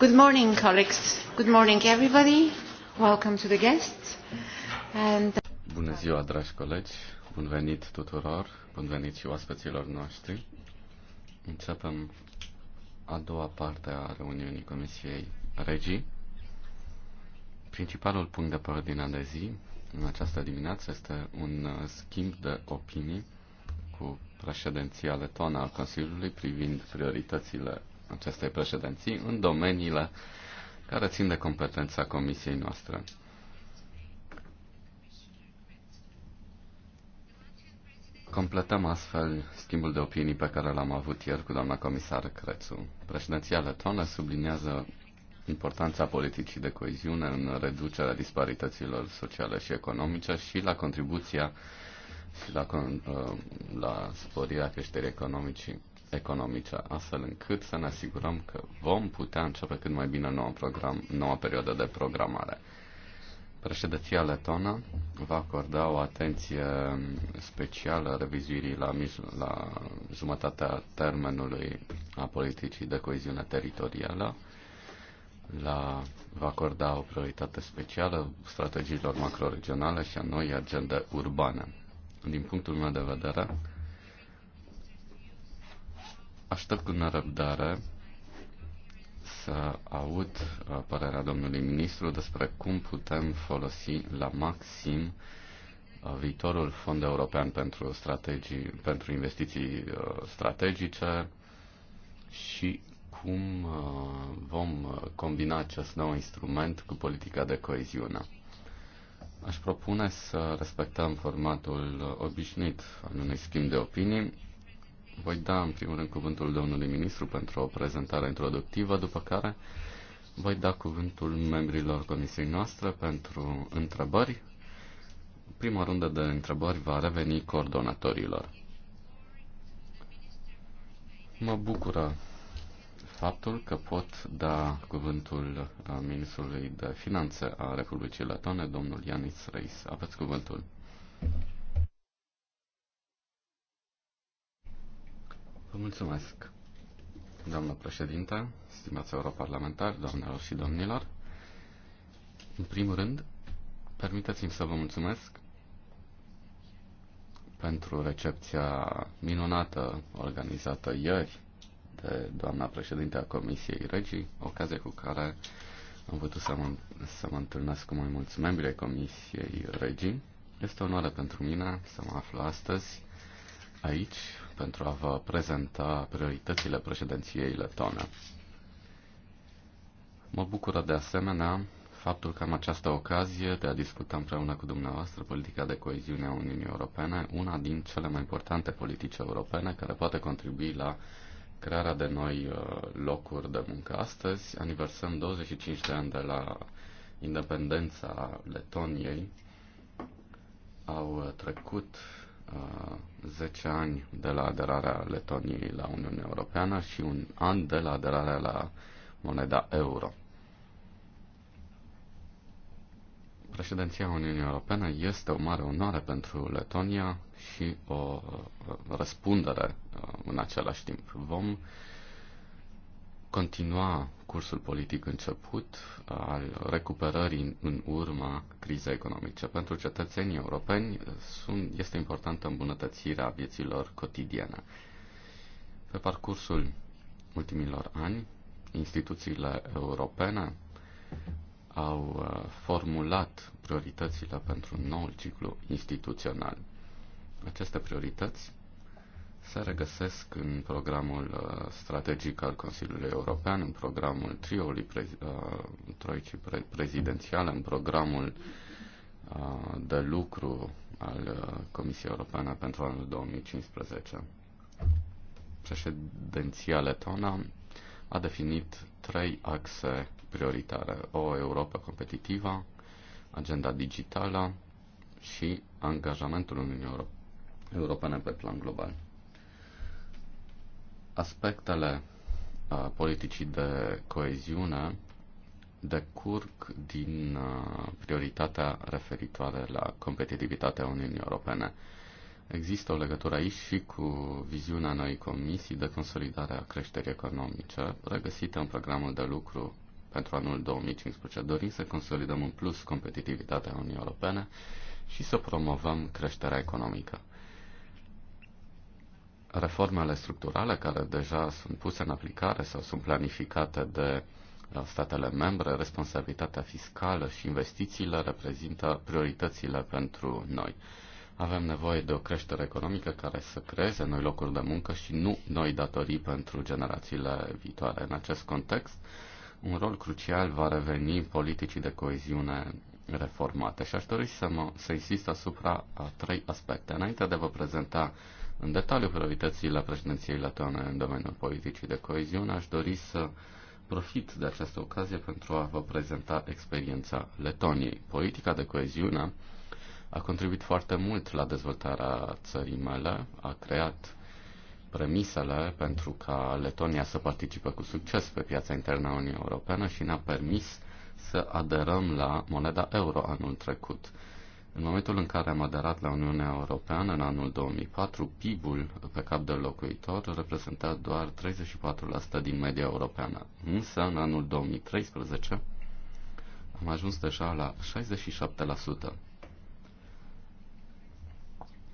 Good morning, colleagues. Good morning, everybody. Welcome to the guests. And... Bună ziua, dragi colegi. Bun venit tuturor. Bun venit și oaspeților noștri. Începem a doua parte a reuniunii Comisiei Regii. Principalul punct de pe ordinea de zi în această dimineață este un uh, schimb de opinii cu președinția letoană a Consiliului privind prioritățile acestei președinții în domeniile care țin de competența comisiei noastre. Completăm astfel schimbul de opinii pe care l-am avut ieri cu doamna comisar Crețu. Președinția letonă subliniază importanța politicii de coeziune în reducerea disparităților sociale și economice și la contribuția și la, uh, la sporirea creșterii economice, economice, astfel încât să ne asigurăm că vom putea începe cât mai bine noua, program, noua perioadă de programare. Președinția letonă va acorda o atenție specială revizuirii la, la jumătatea termenului a politicii de coeziune teritorială, la, va acorda o prioritate specială strategiilor macroregionale și a noi agende urbane. Din punctul meu de vedere, Aștept cu nerăbdare să aud uh, părerea domnului ministru despre cum putem folosi la maxim uh, viitorul fond european pentru, strategii, pentru investiții uh, strategice și cum vom combina acest nou instrument cu politica de coeziune. Aș propune să respectăm formatul obișnuit al unui schimb de opinii voi da în primul rând cuvântul domnului ministru pentru o prezentare introductivă, după care voi da cuvântul membrilor comisiei noastre pentru întrebări. Prima rundă de întrebări va reveni coordonatorilor. Mă bucură faptul că pot da cuvântul uh, ministrului de finanțe a Republicii Letone, domnul Ianis Reis. Aveți cuvântul. Vă mulțumesc, doamnă președinte, stimați europarlamentari, doamnelor și domnilor. În primul rând, permiteți-mi să vă mulțumesc pentru recepția minunată organizată ieri de doamna președinte a Comisiei Regii, ocazie cu care am putut să mă, să mă întâlnesc cu mai mulți membri ai Comisiei Regii. Este o onoare pentru mine să mă aflu astăzi aici, pentru a vă prezenta prioritățile președinției letone. Mă bucură de asemenea faptul că am această ocazie de a discuta împreună cu dumneavoastră politica de coeziune a Uniunii Europene, una din cele mai importante politici europene care poate contribui la crearea de noi uh, locuri de muncă. Astăzi aniversăm 25 de ani de la independența Letoniei. Au trecut 10 uh, ani de la aderarea Letoniei la Uniunea Europeană și un an de la aderarea la moneda euro. Președinția Uniunii Europene este o mare onoare pentru Letonia și o uh, răspundere uh, în același timp. Vom continua cursul politic început al recuperării în urma crizei economice. Pentru cetățenii europeni sunt, este importantă îmbunătățirea vieților cotidiene. Pe parcursul ultimilor ani, instituțiile europene au uh, formulat prioritățile pentru noul ciclu instituțional. Aceste priorități se regăsesc în programul uh, strategic al Consiliului European, în programul trioului prez- uh, troicii pre- prezidențiale, în programul uh, de lucru al Comisiei Europene pentru anul 2015. Președinția letona a definit trei axe prioritare. O Europa competitivă, agenda digitală și angajamentul Uniunii Europene pe plan global. Aspectele politicii de coeziune decurg din prioritatea referitoare la competitivitatea Uniunii Europene. Există o legătură aici și cu viziunea noii comisii de consolidare a creșterii economice, regăsită în programul de lucru pentru anul 2015. Dorim să consolidăm în plus competitivitatea Uniunii Europene și să promovăm creșterea economică reformele structurale care deja sunt puse în aplicare sau sunt planificate de uh, statele membre, responsabilitatea fiscală și investițiile reprezintă prioritățile pentru noi. Avem nevoie de o creștere economică care să creeze noi locuri de muncă și nu noi datorii pentru generațiile viitoare. În acest context, un rol crucial va reveni politicii de coeziune reformate și aș dori să, mă, să insist asupra a trei aspecte. Înainte de a vă prezenta în detaliu la președinției letoane în domeniul politicii de coeziune, aș dori să profit de această ocazie pentru a vă prezenta experiența Letoniei. Politica de coeziune a contribuit foarte mult la dezvoltarea țării mele, a creat premisele pentru ca Letonia să participe cu succes pe piața internă a Uniunii Europene și ne-a permis să aderăm la moneda euro anul trecut. În momentul în care am aderat la Uniunea Europeană în anul 2004, PIB-ul pe cap de locuitor reprezenta doar 34% din media europeană. Însă, în anul 2013, am ajuns deja la 67%.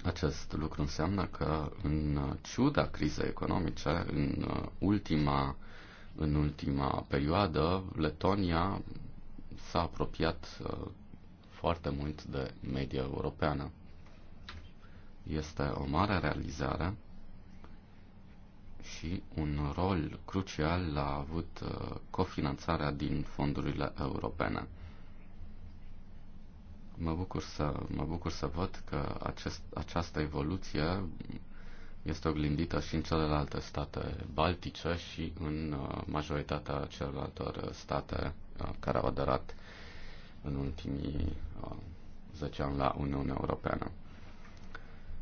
Acest lucru înseamnă că, în ciuda crizei economice, în ultima, în ultima perioadă, Letonia s-a apropiat uh, foarte mult de media europeană. Este o mare realizare și un rol crucial l-a avut uh, cofinanțarea din fondurile europene. Mă bucur să, mă bucur să văd că acest, această evoluție este oglindită și în celelalte state baltice și în uh, majoritatea celorlalte state uh, care au aderat în ultimii 10 uh, ani la Uniunea Europeană.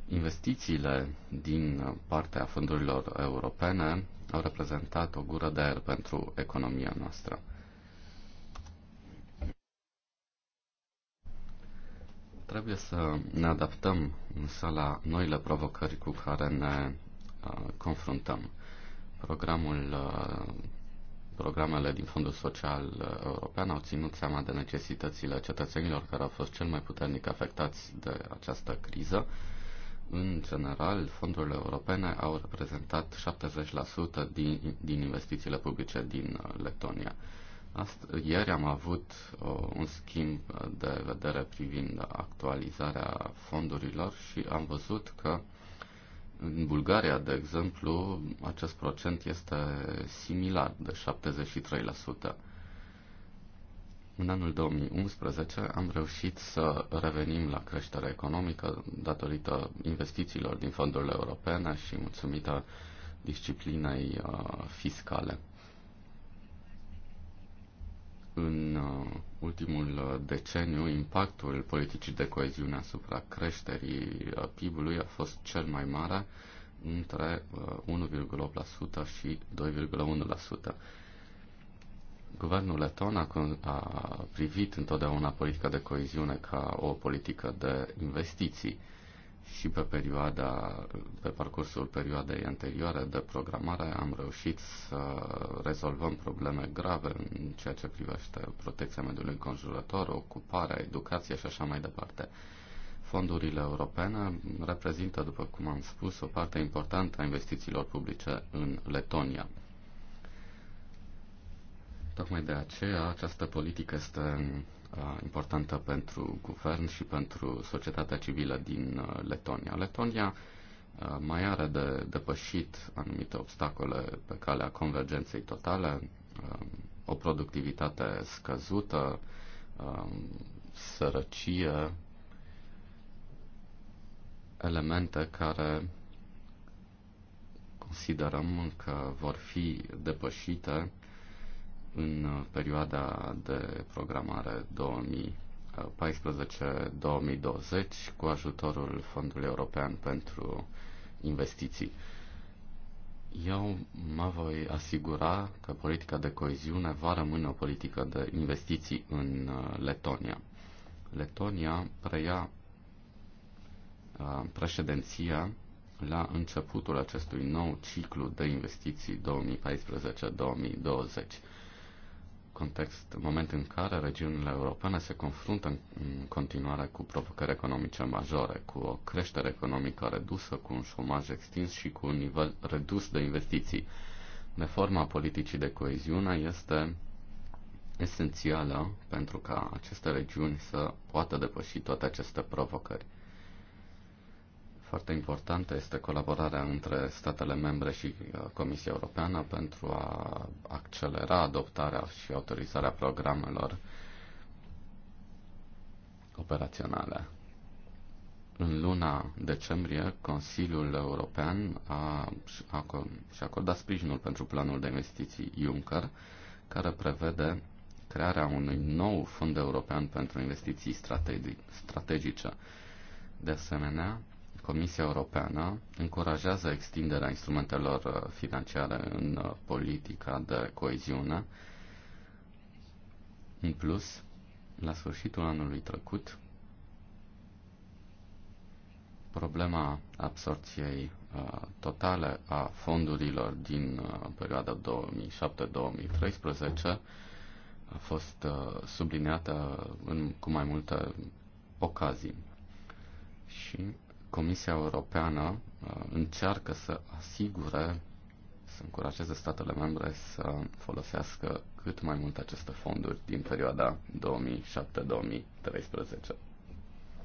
Investițiile din partea fondurilor europene au reprezentat o gură de aer pentru economia noastră. Trebuie să ne adaptăm însă la noile provocări cu care ne uh, confruntăm. Programul uh, programele din Fondul Social uh, European au ținut seama de necesitățile cetățenilor care au fost cel mai puternic afectați de această criză. În general, fondurile europene au reprezentat 70% din, din investițiile publice din uh, Letonia. Ast- ieri am avut o, uh, un schimb de vedere privind actualizarea fondurilor și am văzut că în Bulgaria, de exemplu, acest procent este similar, de 73%. În anul 2011 am reușit să revenim la creșterea economică datorită investițiilor din fondurile europene și mulțumită disciplinei uh, fiscale în uh, ultimul uh, deceniu, impactul politicii de coeziune asupra creșterii uh, PIB-ului a fost cel mai mare, între 1,8% și 2,1%. Guvernul leton a, a privit întotdeauna politica de coeziune ca o politică de investiții și pe perioada, pe parcursul perioadei anterioare de programare am reușit să rezolvăm probleme grave în ceea ce privește protecția mediului înconjurător, ocuparea, educația și așa mai departe. Fondurile europene reprezintă, după cum am spus, o parte importantă a investițiilor publice în Letonia. Tocmai de aceea această politică este Uh, importantă pentru guvern și pentru societatea civilă din uh, Letonia. Letonia uh, mai are de depășit anumite obstacole pe calea convergenței totale, o productivitate scăzută, sărăcie, elemente care considerăm că vor fi depășite în uh, perioada de programare 2014-2020 cu ajutorul Fondului European pentru Investiții. Eu mă voi asigura că politica de coeziune va rămâne o politică de investiții în uh, Letonia. Letonia preia uh, președinția la începutul acestui nou ciclu de investiții 2014-2020 context, moment în care regiunile europene se confruntă în continuare cu provocări economice majore, cu o creștere economică redusă, cu un șomaj extins și cu un nivel redus de investiții. Reforma politicii de coeziune este esențială pentru ca aceste regiuni să poată depăși toate aceste provocări foarte importantă este colaborarea între statele membre și uh, Comisia Europeană pentru a accelera adoptarea și autorizarea programelor operaționale. În luna decembrie, Consiliul European a, a, și-a acordat sprijinul pentru planul de investiții Juncker, care prevede crearea unui nou fond european pentru investiții strategice. De asemenea, Comisia Europeană încurajează extinderea instrumentelor uh, financiare în uh, politica de coeziune. În plus, la sfârșitul anului trecut, problema absorției uh, totale a fondurilor din perioada 2007-2013 a fost subliniată în, cu mai multe ocazii. Și Comisia Europeană uh, încearcă să asigure, să încurajeze statele membre să folosească cât mai mult aceste fonduri din perioada 2007-2013.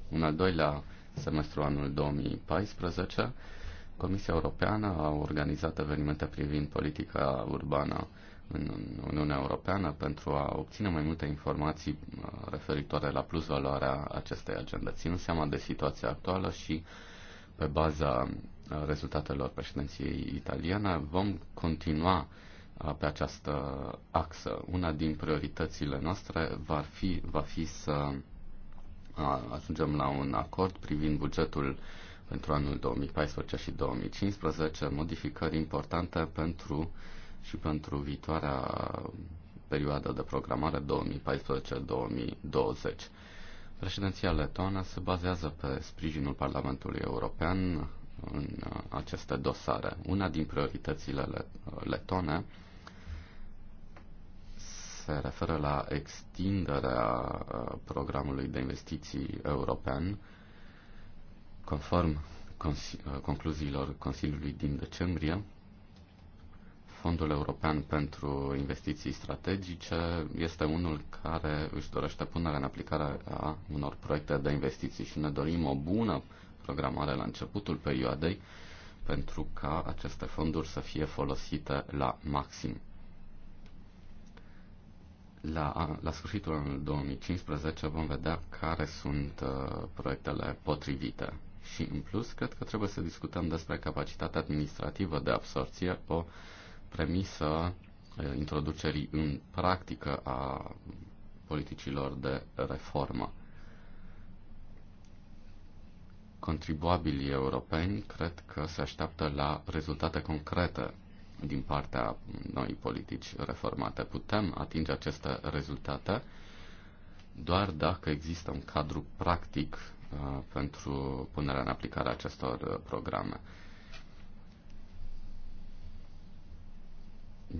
În al doilea semestru anul 2014, Comisia Europeană a organizat evenimente privind politica urbană în Uniunea Europeană pentru a obține mai multe informații uh, referitoare la plusvaloarea acestei agende, ținând seama de situația actuală și pe baza uh, rezultatelor președinției italiene, vom continua uh, pe această axă. Una din prioritățile noastre va fi, va fi să ajungem la un acord privind bugetul pentru anul 2014 și 2015, modificări importante pentru uh, și pentru viitoarea perioadă de programare 2014-2020. Președinția letonă se bazează pe sprijinul Parlamentului European în aceste dosare. Una din prioritățile letone se referă la extinderea uh, programului de investiții european conform uh, concluziilor Consiliului din decembrie, Fondul European pentru Investiții Strategice este unul care își dorește punerea în aplicare a unor proiecte de investiții și ne dorim o bună programare la începutul perioadei pentru ca aceste fonduri să fie folosite la maxim. La, la sfârșitul anului 2015 vom vedea care sunt uh, proiectele potrivite. Și în plus, cred că trebuie să discutăm despre capacitatea administrativă de absorție, o uh, premisă introducerii în practică a politicilor de reformă. Contribuabilii europeni cred că se așteaptă la rezultate concrete din partea noii politici reformate. Putem atinge aceste rezultate doar dacă există un cadru practic pentru punerea în aplicare a acestor programe.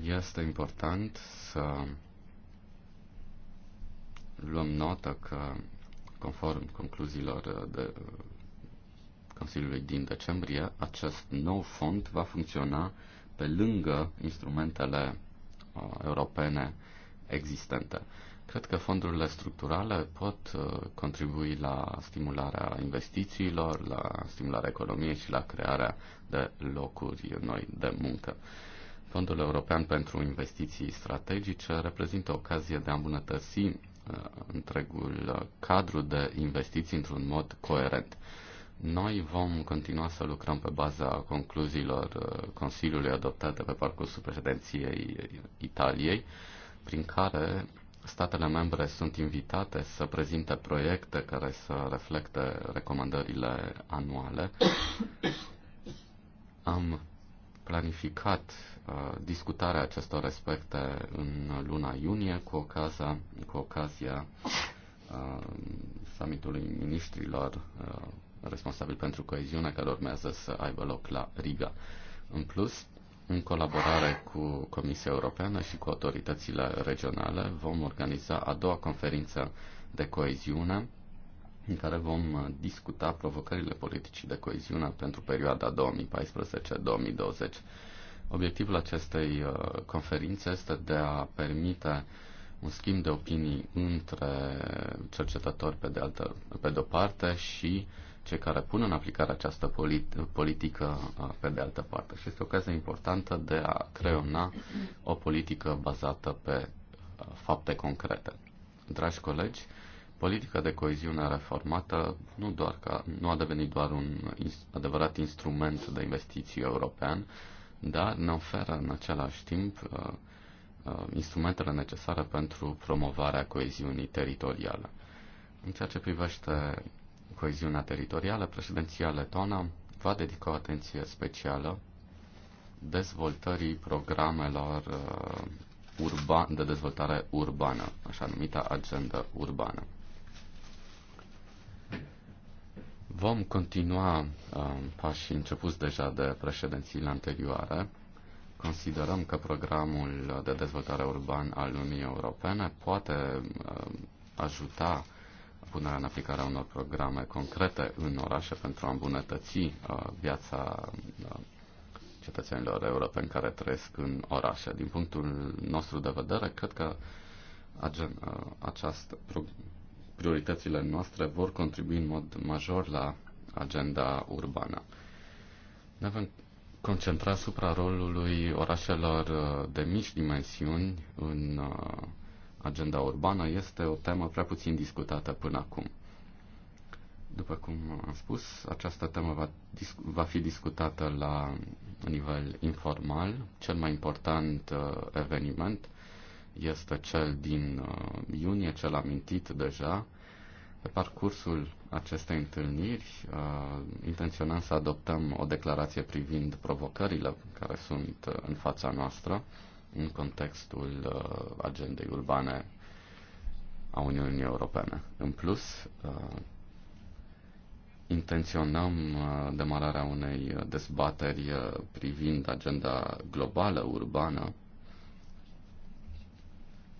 Este important să luăm notă că, conform concluziilor de Consiliului din decembrie, acest nou fond va funcționa pe lângă instrumentele uh, europene existente. Cred că fondurile structurale pot uh, contribui la stimularea investițiilor, la stimularea economiei și la crearea de locuri noi de muncă. Fondul European pentru Investiții Strategice reprezintă ocazie de a îmbunătăți uh, întregul cadru de investiții într-un mod coerent. Noi vom continua să lucrăm pe baza concluziilor uh, Consiliului adoptate pe parcursul președinției Italiei, prin care statele membre sunt invitate să prezinte proiecte care să reflecte recomandările anuale. Am planificat uh, discutarea acestor aspecte în luna iunie cu ocazia, cu ocazia uh, summitului ministrilor uh, responsabil pentru coeziune care urmează să aibă loc la Riga. În plus, în colaborare cu Comisia Europeană și cu autoritățile regionale, vom organiza a doua conferință de coeziune în care vom uh, discuta provocările politicii de coeziune pentru perioada 2014-2020. Obiectivul acestei uh, conferințe este de a permite un schimb de opinii între cercetători pe de, altă, pe de o parte și cei care pun în aplicare această polit, politică uh, pe de altă parte. Și este o ocazie importantă de a creona o politică bazată pe fapte concrete. Dragi colegi, Politica de coeziune reformată nu, doar ca, nu a devenit doar un adevărat instrument de investiții european, dar ne oferă în același timp uh, uh, instrumentele necesare pentru promovarea coeziunii teritoriale. În ceea ce privește coeziunea teritorială, președinția letona va dedica o atenție specială dezvoltării programelor uh, urban, de dezvoltare urbană, așa numită agenda urbană. Vom continua um, pașii începuți deja de președințiile anterioare. Considerăm că programul de dezvoltare urban al Uniunii Europene poate um, ajuta punerea în aplicare a unor programe concrete în orașe pentru a îmbunătăți uh, viața uh, cetățenilor europeni care trăiesc în orașe. Din punctul nostru de vedere, cred că uh, acest prioritățile noastre vor contribui în mod major la agenda urbană. Ne vom concentra asupra rolului orașelor uh, de mici dimensiuni în uh, agenda urbană. Este o temă prea puțin discutată până acum. După cum am spus, această temă va, va fi discutată la nivel informal, cel mai important uh, eveniment este cel din uh, iunie, cel amintit deja. Pe parcursul acestei întâlniri uh, intenționăm să adoptăm o declarație privind provocările care sunt uh, în fața noastră în contextul agendei urbane a Uniunii Europene. În plus, intenționăm demararea unei dezbateri privind agenda globală urbană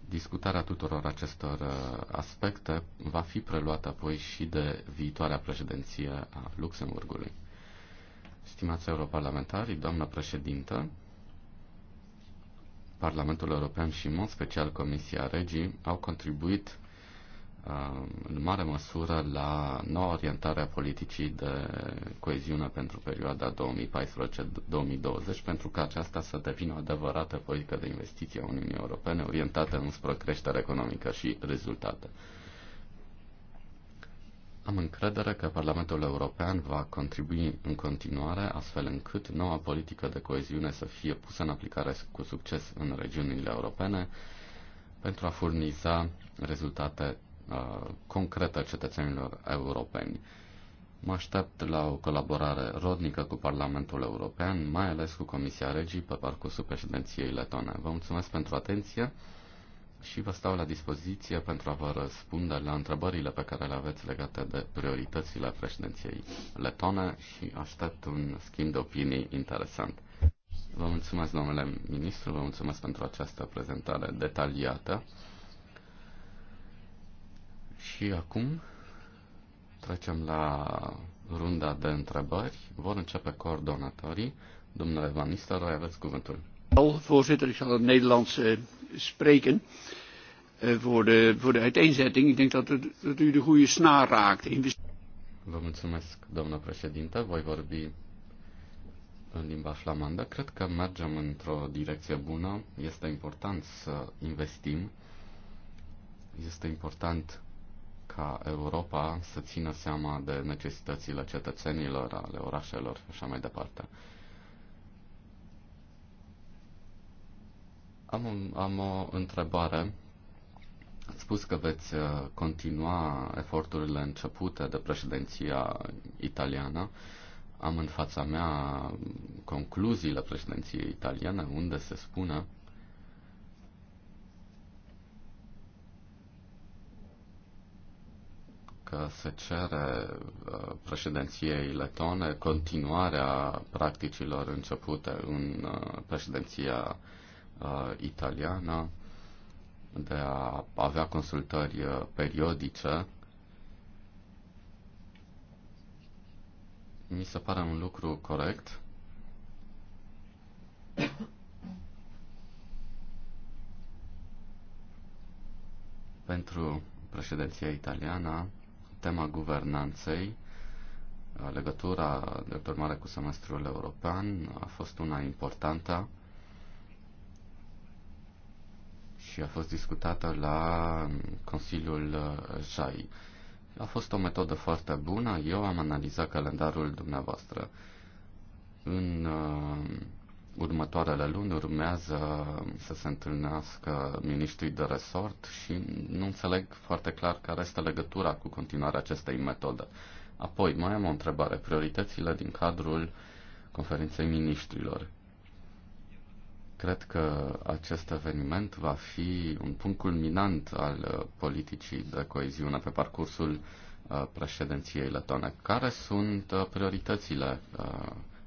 Discutarea tuturor acestor uh, aspecte va fi preluată apoi și de viitoarea președinție a Luxemburgului. Stimați europarlamentari, doamnă președintă, Parlamentul European și, în mod special, Comisia Regii au contribuit în mare măsură la noua orientare a politicii de coeziune pentru perioada 2014-2020, pentru ca aceasta să devină o adevărată politică de investiție a Uniunii Europene orientată înspre creștere economică și rezultate. Am încredere că Parlamentul European va contribui în continuare astfel încât noua politică de coeziune să fie pusă în aplicare cu succes în regiunile europene pentru a furniza rezultate Uh, concretă a cetățenilor europeni. Mă aștept la o colaborare rodnică cu Parlamentul European, mai ales cu Comisia Regii pe parcursul președinției letone. Vă mulțumesc pentru atenție și vă stau la dispoziție pentru a vă răspunde la întrebările pe care le aveți legate de prioritățile președinției letone și aștept un schimb de opinii interesant. Vă mulțumesc, domnule ministru, vă mulțumesc pentru această prezentare detaliată. Și acum trecem la runda de întrebări. Vor începe coordonatorii. Domnule Van Nistelrooy, aveți cuvântul. Voorzitter, ik zal het Nederlands uh, spreken uh, voor, de, voor de uiteenzetting. Ik denk dat, het, dat u de goede snaar raakt. Vă mulțumesc, doamnă președinte. Voi vorbi în limba flamandă. Cred că mergem într-o direcție bună. Este important să investim. Este important ca Europa să țină seama de necesitățile cetățenilor, ale orașelor și așa mai departe. Am, un, am o întrebare. Ați spus că veți uh, continua eforturile începute de președinția italiană. Am în fața mea concluziile președinției italiene, unde se spune că se cere uh, președinției letone continuarea practicilor începute în uh, președinția uh, italiană de a avea consultări periodice. Mi se pare un lucru corect. Pentru președinția italiană tema guvernanței, legătura, de urmare, cu semestrul european a fost una importantă și a fost discutată la Consiliul JAI. A fost o metodă foarte bună, eu am analizat calendarul dumneavoastră. În uh, următoarele luni urmează să se întâlnească ministrii de resort și nu înțeleg foarte clar care este legătura cu continuarea acestei metode. Apoi, mai am o întrebare. Prioritățile din cadrul conferinței ministrilor. Cred că acest eveniment va fi un punct culminant al politicii de coeziune pe parcursul uh, președinției letone. Care sunt uh, prioritățile uh,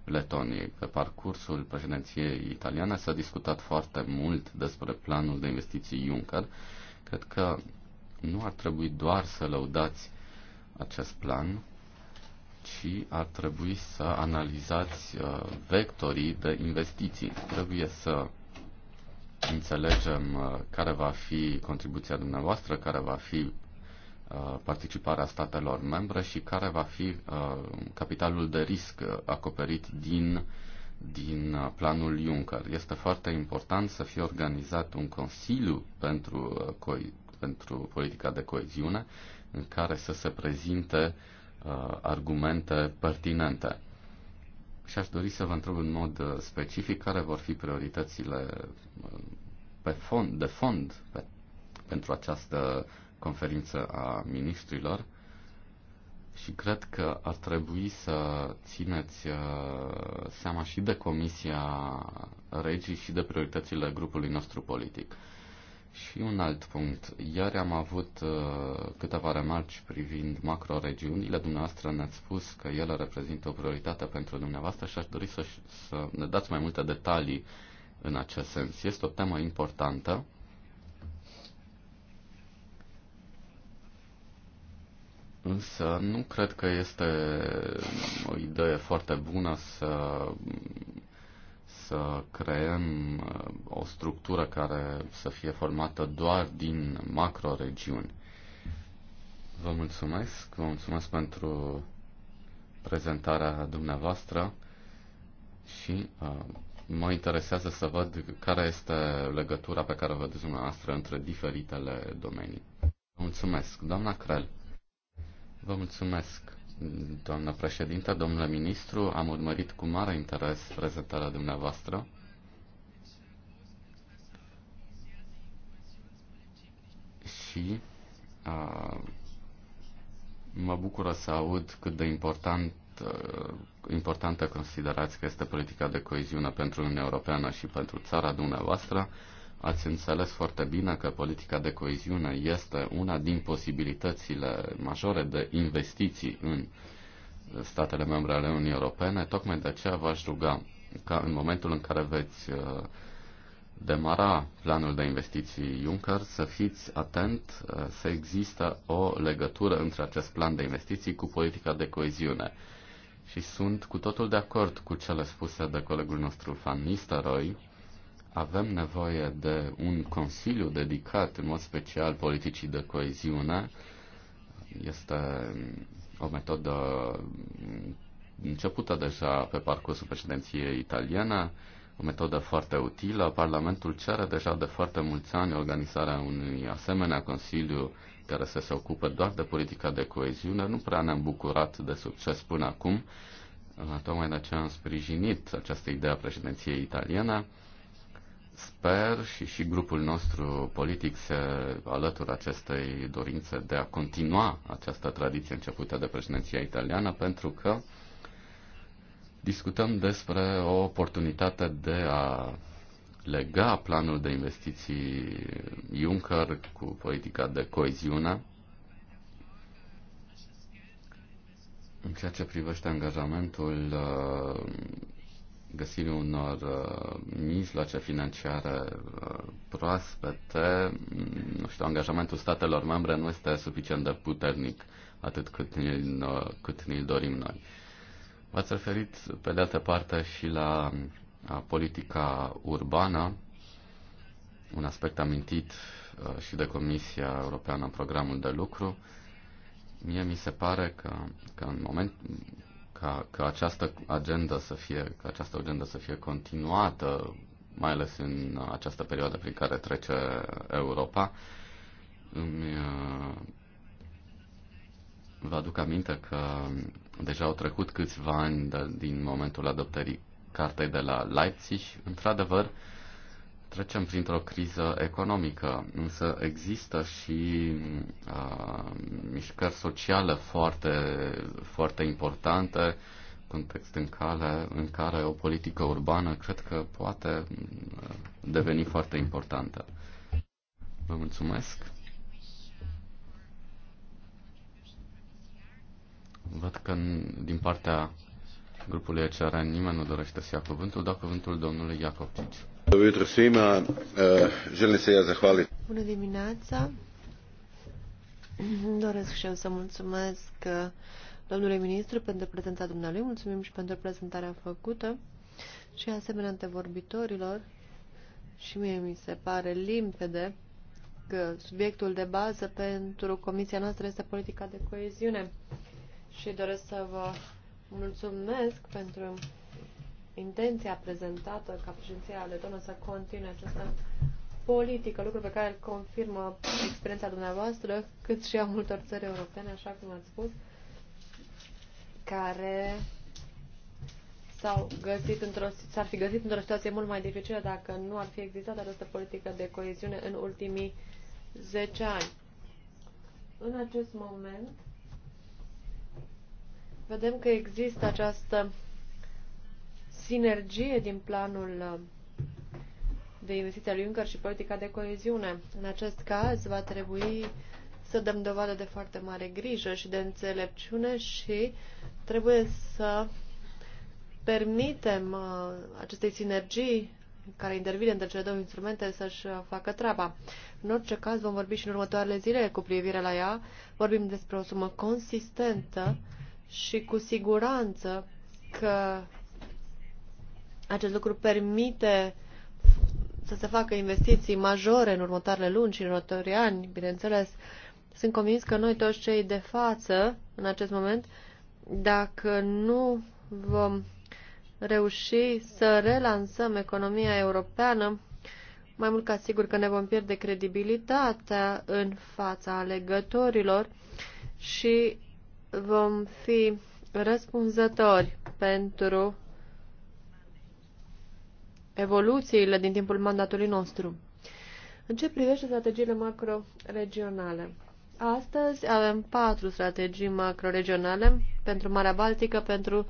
Letoniei. Pe parcursul președinției italiane s-a discutat foarte mult despre planul de investiții Juncker. Cred că nu ar trebui doar să lăudați acest plan, ci ar trebui să analizați uh, vectorii de investiții. Trebuie să înțelegem uh, care va fi contribuția dumneavoastră, care va fi Uh, participarea statelor membre și care va fi uh, capitalul de risc uh, acoperit din, din planul Juncker. Este foarte important să fie organizat un consiliu pentru, pentru politica de coeziune în care să se prezinte argumente pertinente. Și aș dori să vă întreb în mod specific care vor fi prioritățile pe fond, de fond pe, pentru această conferință a ministrilor și cred că ar trebui să țineți uh, seama și de Comisia Regii și de prioritățile grupului nostru politic. Și un alt punct. Ieri am avut uh, câteva remarci privind macroregiunile. Dumneavoastră ne-ați spus că ele reprezintă o prioritate pentru dumneavoastră și aș dori să, să ne dați mai multe detalii în acest sens. Este o temă importantă Însă nu cred că este o idee foarte bună să, să creăm uh, o structură care să fie formată doar din macroregiuni. Vă mulțumesc, vă mulțumesc pentru prezentarea dumneavoastră și uh, mă interesează să văd care este legătura pe care o vedeți dumneavoastră între diferitele domenii. Mulțumesc, doamna Crel. Vă mulțumesc, doamnă președintă, domnule ministru. Am urmărit cu mare interes prezentarea dumneavoastră. Și a, mă bucură să aud cât de important, importantă considerați că este politica de coeziune pentru Uniunea Europeană și pentru țara dumneavoastră. Ați înțeles foarte bine că politica de coeziune este una din posibilitățile majore de investiții în statele membre ale Uniunii Europene. Tocmai de aceea v-aș ruga ca în momentul în care veți uh, demara planul de investiții Juncker să fiți atent uh, să există o legătură între acest plan de investiții cu politica de coeziune. Și sunt cu totul de acord cu cele spuse de colegul nostru Fan Nistelrooy, avem nevoie de un consiliu dedicat în mod special politicii de coeziune. Este o metodă începută deja pe parcursul președinției italiene, o metodă foarte utilă. Parlamentul cere deja de foarte mulți ani organizarea unui asemenea consiliu care să se ocupe doar de politica de coeziune. Nu prea ne-am bucurat de succes până acum. Tocmai de aceea am sprijinit această idee a președinției italiene Sper și și grupul nostru politic se alătură acestei dorințe de a continua această tradiție începută de președinția italiană, pentru că discutăm despre o oportunitate de a lega planul de investiții Juncker cu politica de coeziune în ceea ce privește angajamentul uh, găsirii unor uh, mijloace financiare uh, proaspete, nu știu, angajamentul statelor membre nu este suficient de puternic atât cât ne l uh, cât dorim noi. V-ați referit, pe de altă parte, și la politica urbană, un aspect amintit și de Comisia Europeană în programul de lucru. Mie mi se pare că, că în moment, ca, ca această agendă să fie, ca această agendă să fie continuată, mai ales în această perioadă prin care trece Europa. Îmi uh, vă aduc aminte că deja au trecut câțiva ani de, din momentul adoptării cartei de la Leipzig. Într-adevăr, uh, trecem printr-o criză economică, însă există și uh, mișcări sociale foarte, foarte importante, context în care, în care o politică urbană cred că poate uh, deveni foarte importantă. Vă mulțumesc! Văd că din partea grupului ECR nimeni nu dorește să ia cuvântul, dar cuvântul domnului Cici. Bună dimineața! Doresc și eu să mulțumesc domnului ministru pentru prezența dumnealui, mulțumim și pentru prezentarea făcută și asemenea antevorbitorilor și mie mi se pare limpede că subiectul de bază pentru comisia noastră este politica de coeziune și doresc să vă mulțumesc pentru intenția prezentată ca președinția tonă să continue această politică, lucru pe care îl confirmă experiența dumneavoastră, cât și a multor țări europene, așa cum ați spus, care s-au găsit într-o, s-ar fi găsit într-o situație mult mai dificilă dacă nu ar fi existat această politică de coeziune în ultimii 10 ani. În acest moment vedem că există această sinergie din planul uh, de investiții al Juncker și politica de coeziune. În acest caz va trebui să dăm dovadă de foarte mare grijă și de înțelepciune și trebuie să permitem uh, acestei sinergii care intervine între cele două instrumente să-și uh, facă treaba. În orice caz, vom vorbi și în următoarele zile cu privire la ea. Vorbim despre o sumă consistentă și cu siguranță că acest lucru permite să se facă investiții majore în următoarele luni și în următorii ani, bineînțeles. Sunt convins că noi toți cei de față, în acest moment, dacă nu vom reuși să relansăm economia europeană, mai mult ca sigur că ne vom pierde credibilitatea în fața alegătorilor și vom fi răspunzători pentru evoluțiile din timpul mandatului nostru. În ce privește strategiile macro-regionale? Astăzi avem patru strategii macro-regionale pentru Marea Baltică, pentru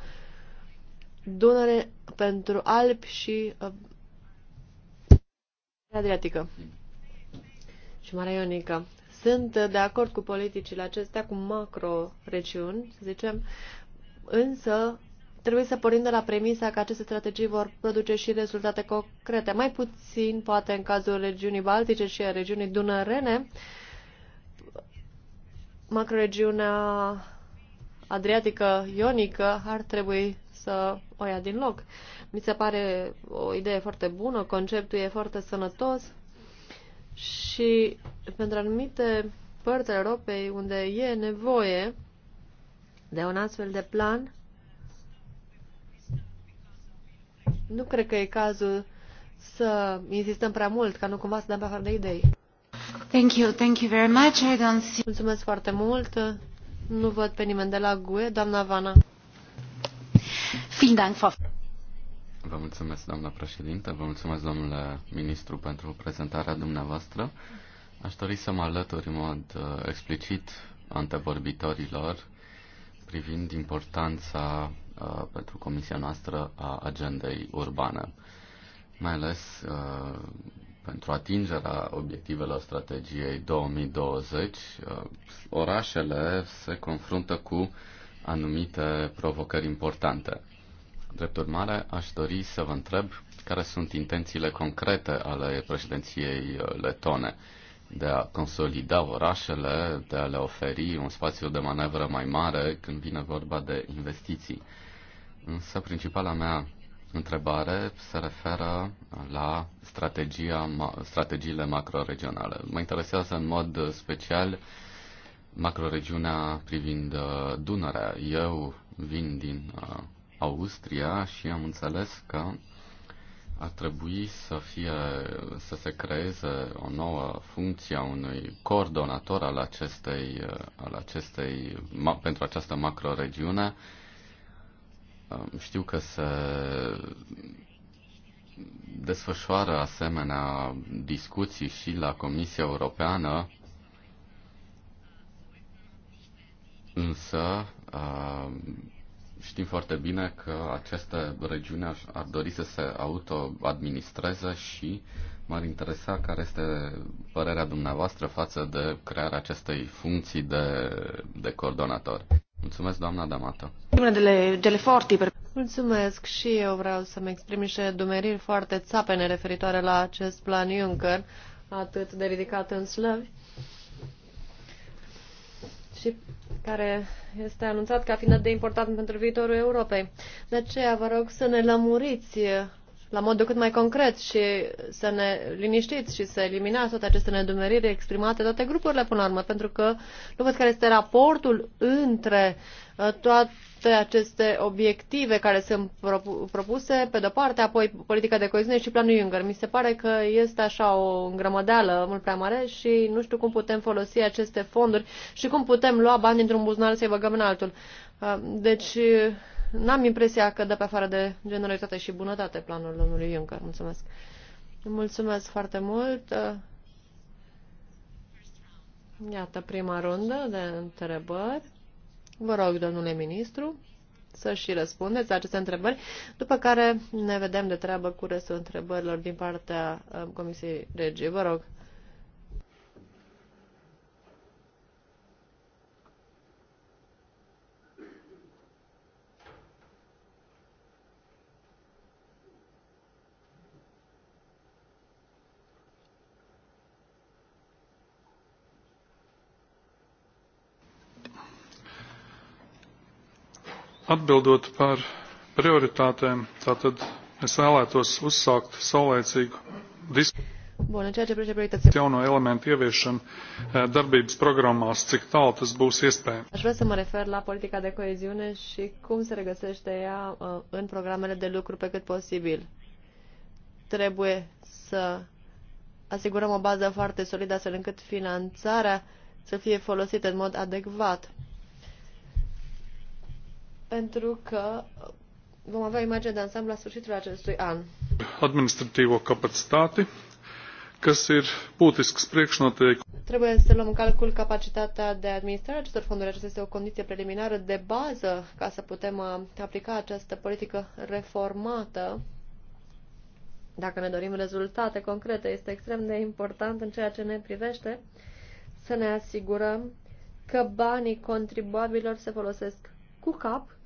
Dunăre, pentru Alpi și uh, Adriatică și Marea Ionică. Sunt de acord cu politicile acestea, cu macro-regiuni, să zicem, însă Trebuie să pornim de la premisa că aceste strategii vor produce și rezultate concrete, mai puțin poate în cazul regiunii Baltice și a regiunii Dunărene, macroregiunea adriatică ionică ar trebui să o ia din loc. Mi se pare o idee foarte bună, conceptul e foarte sănătos și pentru anumite părți ale Europei unde e nevoie de un astfel de plan, Nu cred că e cazul să insistăm prea mult, ca nu cumva să dăm pe afară de idei. Thank you, thank you very much. I don't see... Mulțumesc foarte mult. Nu văd pe nimeni de la GUE. Doamna Vana. Vă mulțumesc, doamna președintă, vă mulțumesc, domnule ministru, pentru prezentarea dumneavoastră. Aș dori să mă alătur în mod uh, explicit antevorbitorilor privind importanța Uh, pentru comisia noastră a agendei urbane, mai ales uh, pentru atingerea obiectivelor strategiei 2020, uh, orașele se confruntă cu anumite provocări importante. Drept urmare, aș dori să vă întreb care sunt intențiile concrete ale președinției letone de a consolida orașele, de a le oferi un spațiu de manevră mai mare când vine vorba de investiții. Însă principala mea întrebare se referă la strategia, strategiile macroregionale. Mă interesează în mod special macroregiunea privind uh, Dunărea. Eu vin din uh, Austria și am înțeles că ar trebui să fie să se creeze o nouă funcție a unui coordonator al acestei, uh, al acestei pentru această macroregiune regiune știu că se desfășoară asemenea discuții și la Comisia Europeană, însă uh, știm foarte bine că aceste regiuni ar dori să se autoadministreze și m-ar interesa care este părerea dumneavoastră față de crearea acestei funcții de, de coordonator. Mulțumesc, doamna Damată. Dele, dele forti per... Mulțumesc și eu vreau să-mi exprim niște dumeriri foarte țapene referitoare la acest plan Juncker, atât de ridicat în slăvi și care este anunțat ca fiind de important pentru viitorul Europei. De aceea vă rog să ne lămuriți la modul cât mai concret și să ne liniștiți și să eliminați toate aceste nedumeriri exprimate toate grupurile până la urmă, pentru că nu văd care este raportul între uh, toate aceste obiective care sunt propuse, pe de-o parte, apoi politica de coeziune și planul Juncker. Mi se pare că este așa o îngrămădeală mult prea mare și nu știu cum putem folosi aceste fonduri și cum putem lua bani dintr-un buzunar să-i băgăm în altul. Uh, deci, n-am impresia că dă pe afară de generalitate și bunătate planul domnului Juncker. Mulțumesc. Mulțumesc foarte mult. Iată prima rundă de întrebări. Vă rog, domnule ministru, să și răspundeți la aceste întrebări, după care ne vedem de treabă cu restul întrebărilor din partea uh, Comisiei Regii. Vă rog. Atbildot par prioritātēm, tātad es vēlētos uzsākt saulēcīgu diskusiju. Bun, în ce privește prioritățile. Jauno elementu ieviešana darbības programmās, cik tālu tas būs iespējams. Aș vrea să mă refer la politica de coeziune și cum se regăsește ea în programele de lucru pe cât posibil. Trebuie să asigurăm o bază foarte solidă astfel încât finanțarea să fie folosită în mod adecvat pentru că vom avea imagine de ansamblu la sfârșitul acestui an. Administrativă capacitate, kas ir būtisks priekšnoteikums. Trebuie să luăm în calcul capacitatea de administrare a acestor fonduri. Aceasta este o condiție preliminară de bază ca să putem uh, aplica această politică reformată. Dacă ne dorim rezultate concrete, este extrem de important în ceea ce ne privește să ne asigurăm că banii contribuabilor se folosesc cu cap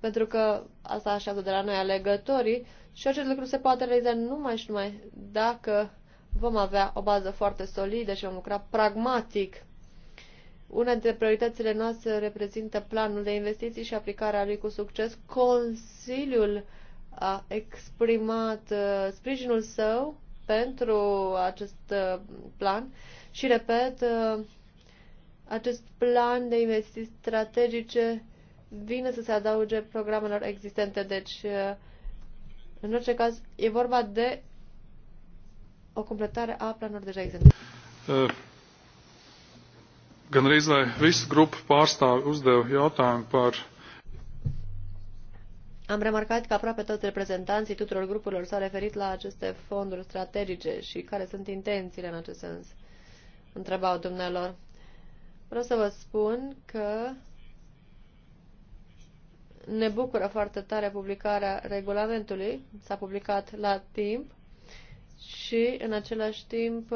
pentru că asta așa de la noi alegătorii și acest lucru se poate realiza numai și numai dacă vom avea o bază foarte solidă și vom lucra pragmatic. Una dintre prioritățile noastre reprezintă planul de investiții și aplicarea lui cu succes. Consiliul a exprimat uh, sprijinul său pentru acest uh, plan și, repet, uh, acest plan de investiții strategice vină să se adauge programelor existente. Deci, uh, în orice caz, e vorba de o completare a planurilor deja existente. Uh, Gan lai visu grupu pārstāvi uzdev jautājumu par. Am remarcat că aproape toți reprezentanții tuturor grupurilor s-au referit la aceste fonduri strategice și care sunt intențiile în acest sens, întrebau dumnealor. Vreau să vă spun că ne bucură foarte tare publicarea regulamentului, s-a publicat la timp și în același timp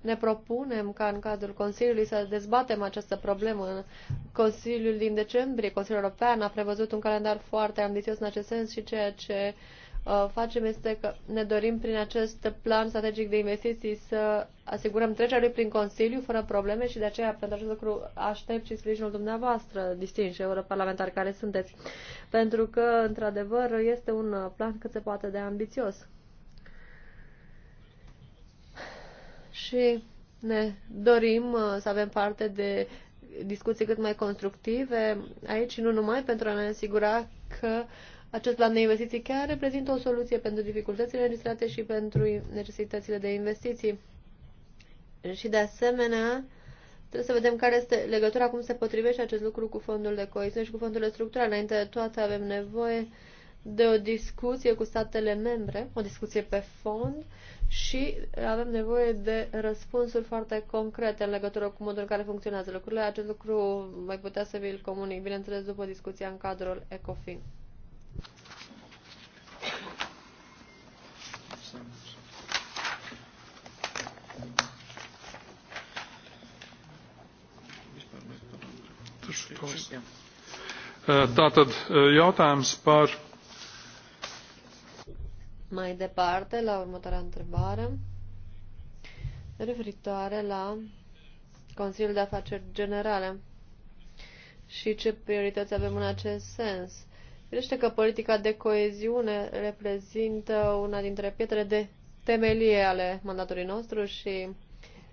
ne propunem ca în cadrul Consiliului să dezbatem această problemă. Consiliul din decembrie, Consiliul European, a prevăzut un calendar foarte ambițios în acest sens și ceea ce uh, Uh, facem este că ne dorim prin acest plan strategic de investiții să asigurăm trecerea lui prin Consiliu fără probleme și de aceea pentru acest lucru aștept și sprijinul dumneavoastră, distinși europarlamentari care sunteți, pentru că, într-adevăr, este un plan cât se poate de ambițios. Și ne dorim uh, să avem parte de discuții cât mai constructive aici, nu numai pentru a ne asigura că uh, acest plan de investiții chiar reprezintă o soluție pentru dificultățile înregistrate și pentru necesitățile de investiții. Și de asemenea, trebuie să vedem care este legătura, cum se potrivește acest lucru cu fondul de coeziune și cu fondurile structurale. Înainte de toate avem nevoie de o discuție cu statele membre, o discuție pe fond și avem nevoie de răspunsuri foarte concrete în legătură cu modul în care funcționează lucrurile. Acest lucru mai putea să vi-l comunic, bineînțeles, după discuția în cadrul ECOFIN. Tātad jautājums par. Mai departe, la următoarea întrebare, referitoare la Consiliul de Afaceri Generale și ce priorități avem în acest sens. Firește că politica de coeziune reprezintă una dintre pietrele de temelie ale mandatului nostru și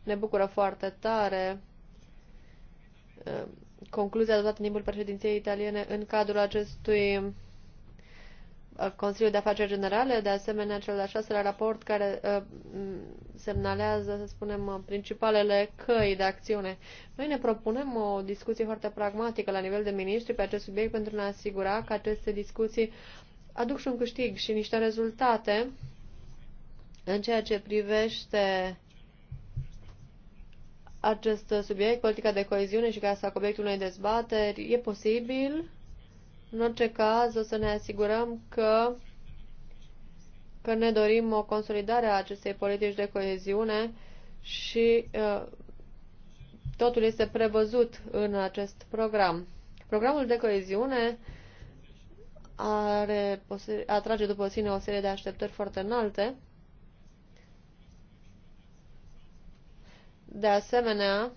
ne bucură foarte tare uh, concluzia adoptată în timpul președinției italiene în cadrul acestui uh, Consiliu de Afaceri Generale, de asemenea cel de-al șaselea raport care uh, semnalează, să spunem, principalele căi de acțiune. Noi ne propunem o discuție foarte pragmatică la nivel de miniștri pe acest subiect pentru a ne asigura că aceste discuții aduc și un câștig și niște rezultate în ceea ce privește acest subiect, politica de coeziune și ca să obiectul unei dezbateri, e posibil. În orice caz, o să ne asigurăm că că ne dorim o consolidare a acestei politici de coeziune și uh, totul este prevăzut în acest program. Programul de coeziune are, atrage după sine o serie de așteptări foarte înalte. De asemenea,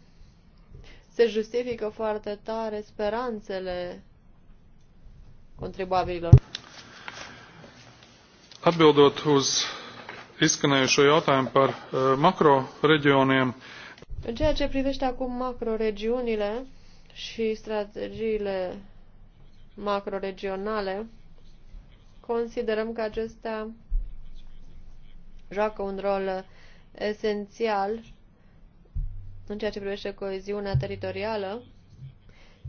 se justifică foarte tare speranțele contribuabililor. Atbildot uz izskanējušo jautājumu par eh, makro În ceea ce privește acum macroregiunile și strategiile macroregionale, considerăm că acestea joacă un rol esențial în ceea ce privește coeziunea teritorială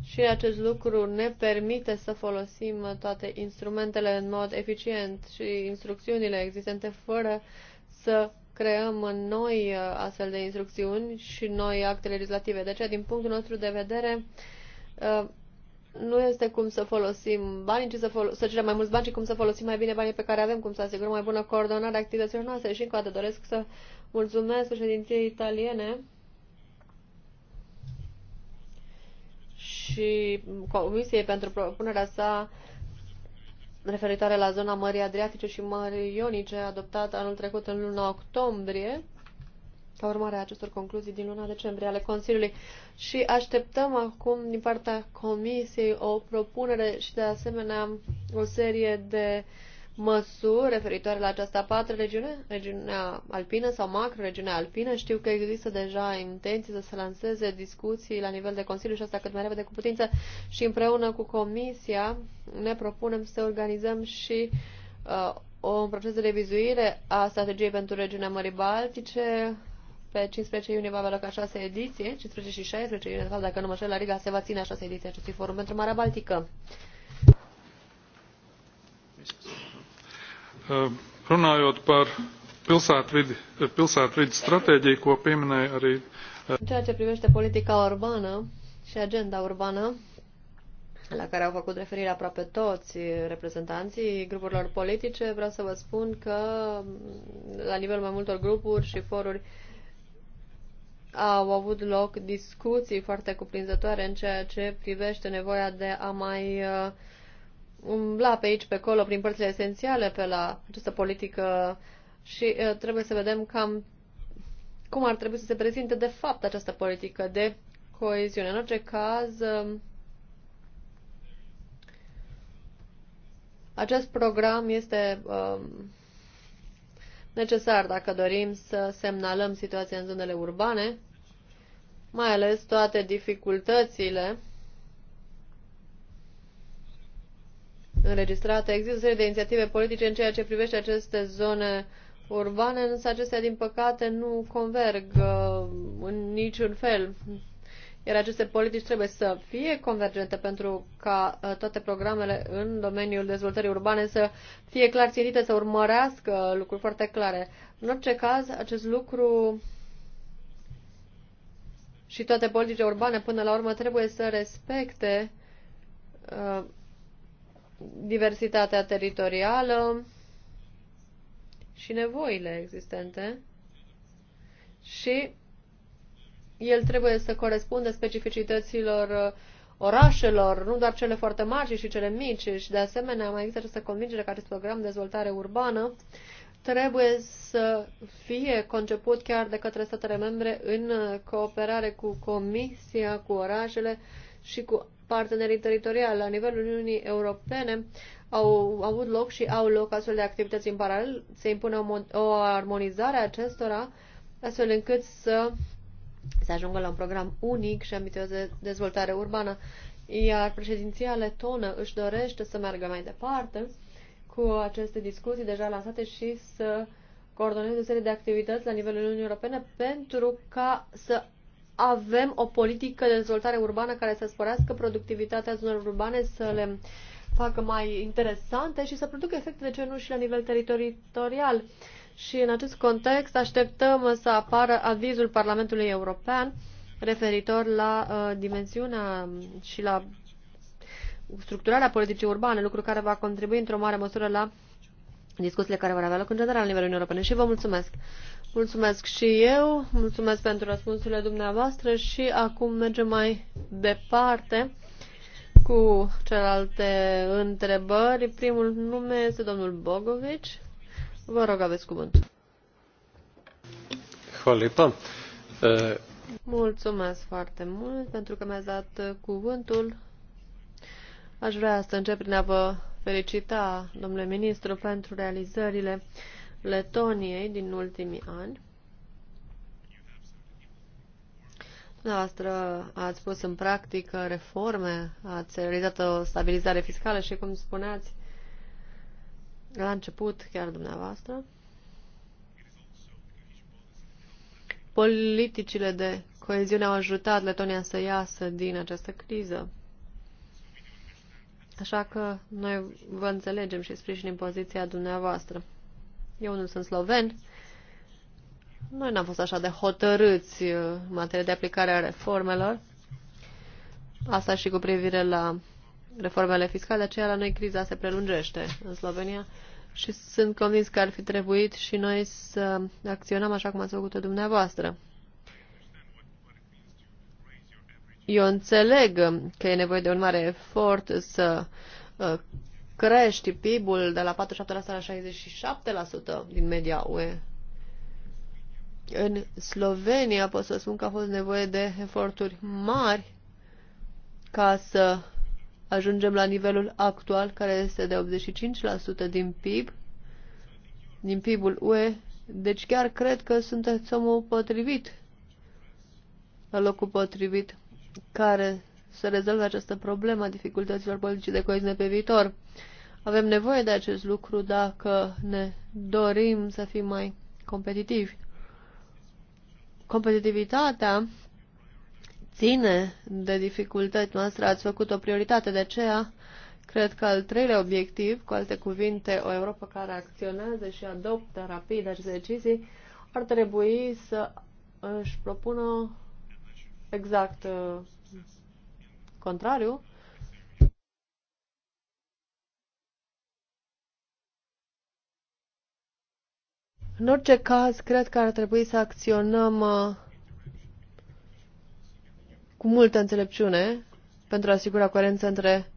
și acest lucru ne permite să folosim toate instrumentele în mod eficient și instrucțiunile existente fără să creăm noi uh, astfel de instrucțiuni și noi acte legislative. De aceea, din punctul nostru de vedere, uh, nu este cum să folosim banii, ci să, fol- să cerem mai mulți bani, ci cum să folosim mai bine banii pe care avem, cum să asigurăm mai bună coordonare activităților noastre. Și încă o dată doresc să mulțumesc președinției italiene și Comisiei pentru propunerea sa referitoare la zona Mării Adriatice și Mării Ionice, adoptată anul trecut în luna octombrie, ca urmare a acestor concluzii din luna decembrie ale Consiliului. Și așteptăm acum din partea Comisiei o propunere și de asemenea o serie de uh, măsuri referitoare la această a patra regiune, regiunea alpină sau macro-regiunea alpină. Știu că există deja intenții să se lanseze discuții la nivel de Consiliu și asta cât mai repede cu putință și împreună cu Comisia ne propunem să organizăm și uh, un proces de revizuire a strategiei pentru regiunea Mării Baltice. Pe 15 iunie va avea loc a șasea ediție, 15 și 16 iunie, de fapt, dacă nu mă știu, la Riga se va ține a șasea ediție acestui forum pentru Marea Baltică. Thank you. Eh, runājot par pilsētvidi, eh, pilsētvidas stratēģiju, ko pieminēja arī. În eh, ceea ce privește politica urbană și agenda urbană, la care au făcut referire aproape toți reprezentanții grupurilor politice, vreau să vă spun că mm, la nivel mai multor grupuri și foruri au avut loc discuții foarte cuprinzătoare în ceea ce privește nevoia de a mai uh, umbla pe aici, pe acolo, prin părțile esențiale pe la această politică și uh, trebuie să vedem cam cum ar trebui să se prezinte de fapt această politică de coeziune. În orice caz, um, acest program este uh, necesar dacă dorim să semnalăm situația în zonele urbane, mai ales toate dificultățile înregistrate. Există o serie de inițiative politice în ceea ce privește aceste zone urbane, însă acestea, din păcate, nu converg uh, în niciun fel. Iar aceste politici trebuie să fie convergente pentru ca uh, toate programele în domeniul dezvoltării urbane să fie clar ținite, să urmărească lucruri foarte clare. În orice caz, acest lucru și toate politicile urbane, până la urmă, trebuie să respecte uh, diversitatea teritorială și nevoile existente și el trebuie să corespundă specificităților uh, orașelor, nu doar cele foarte mari, și cele mici. Și de asemenea, mai există această convingere că acest program de dezvoltare urbană trebuie să fie conceput chiar de către statele membre în cooperare cu Comisia, cu orașele și cu partenerii teritoriali la nivelul Uniunii Europene au avut loc și au loc astfel de activități în paralel, se impune o, o armonizare a acestora, astfel încât să se ajungă la un program unic și ambițios de dezvoltare urbană. Iar președinția letonă își dorește să meargă mai departe cu aceste discuții deja lansate și să coordoneze o serie de activități la nivelul Uniunii Europene pentru ca să avem o politică de dezvoltare urbană care să sporească productivitatea zonelor urbane, să le facă mai interesante și să producă efecte, de ce nu, și la nivel teritorial. Și în acest context așteptăm să apară avizul Parlamentului European referitor la uh, dimensiunea și la structurarea politicii urbane, lucru care va contribui într-o mare măsură la discuțiile care vor avea loc în general la nivelul Uniunii Europene. Și vă mulțumesc! Mulțumesc și eu, mulțumesc pentru răspunsurile dumneavoastră și acum mergem mai departe cu celelalte întrebări. Primul nume este domnul Bogovici. Vă rog, aveți cuvântul. Holipa. Mulțumesc foarte mult pentru că mi-ați dat cuvântul. Aș vrea să încep prin a vă felicita, domnule ministru, pentru realizările Letoniei din ultimii ani. Noastră ați pus în practică reforme, ați realizat o stabilizare fiscală și, cum spuneați, la început, chiar dumneavoastră, politicile de coeziune au ajutat Letonia să iasă din această criză. Așa că noi vă înțelegem și sprijinim poziția dumneavoastră eu nu sunt sloven, noi n-am fost așa de hotărâți uh, în materie de aplicare a reformelor. Asta și cu privire la reformele fiscale, de aceea la noi criza se prelungește în Slovenia și sunt convins că ar fi trebuit și noi să acționăm așa cum ați făcut dumneavoastră. Eu înțeleg că e nevoie de un mare efort să uh, crești PIB-ul de la 47% la 67% din media UE. În Slovenia pot să spun că a fost nevoie de eforturi mari ca să ajungem la nivelul actual, care este de 85% din PIB, din PIB-ul UE. Deci chiar cred că sunteți omul potrivit, la locul potrivit, care să rezolve această problemă a dificultăților politice de coeziune pe viitor. Avem nevoie de acest lucru dacă ne dorim să fim mai competitivi. Competitivitatea ține de dificultăți noastre, ați făcut o prioritate, de aceea cred că al treilea obiectiv, cu alte cuvinte, o Europa care acționează și adoptă rapid aceste decizii, ar trebui să își propună exact uh, contrariu, În orice caz, cred că ar trebui să acționăm uh, cu multă înțelepciune pentru a asigura coerență între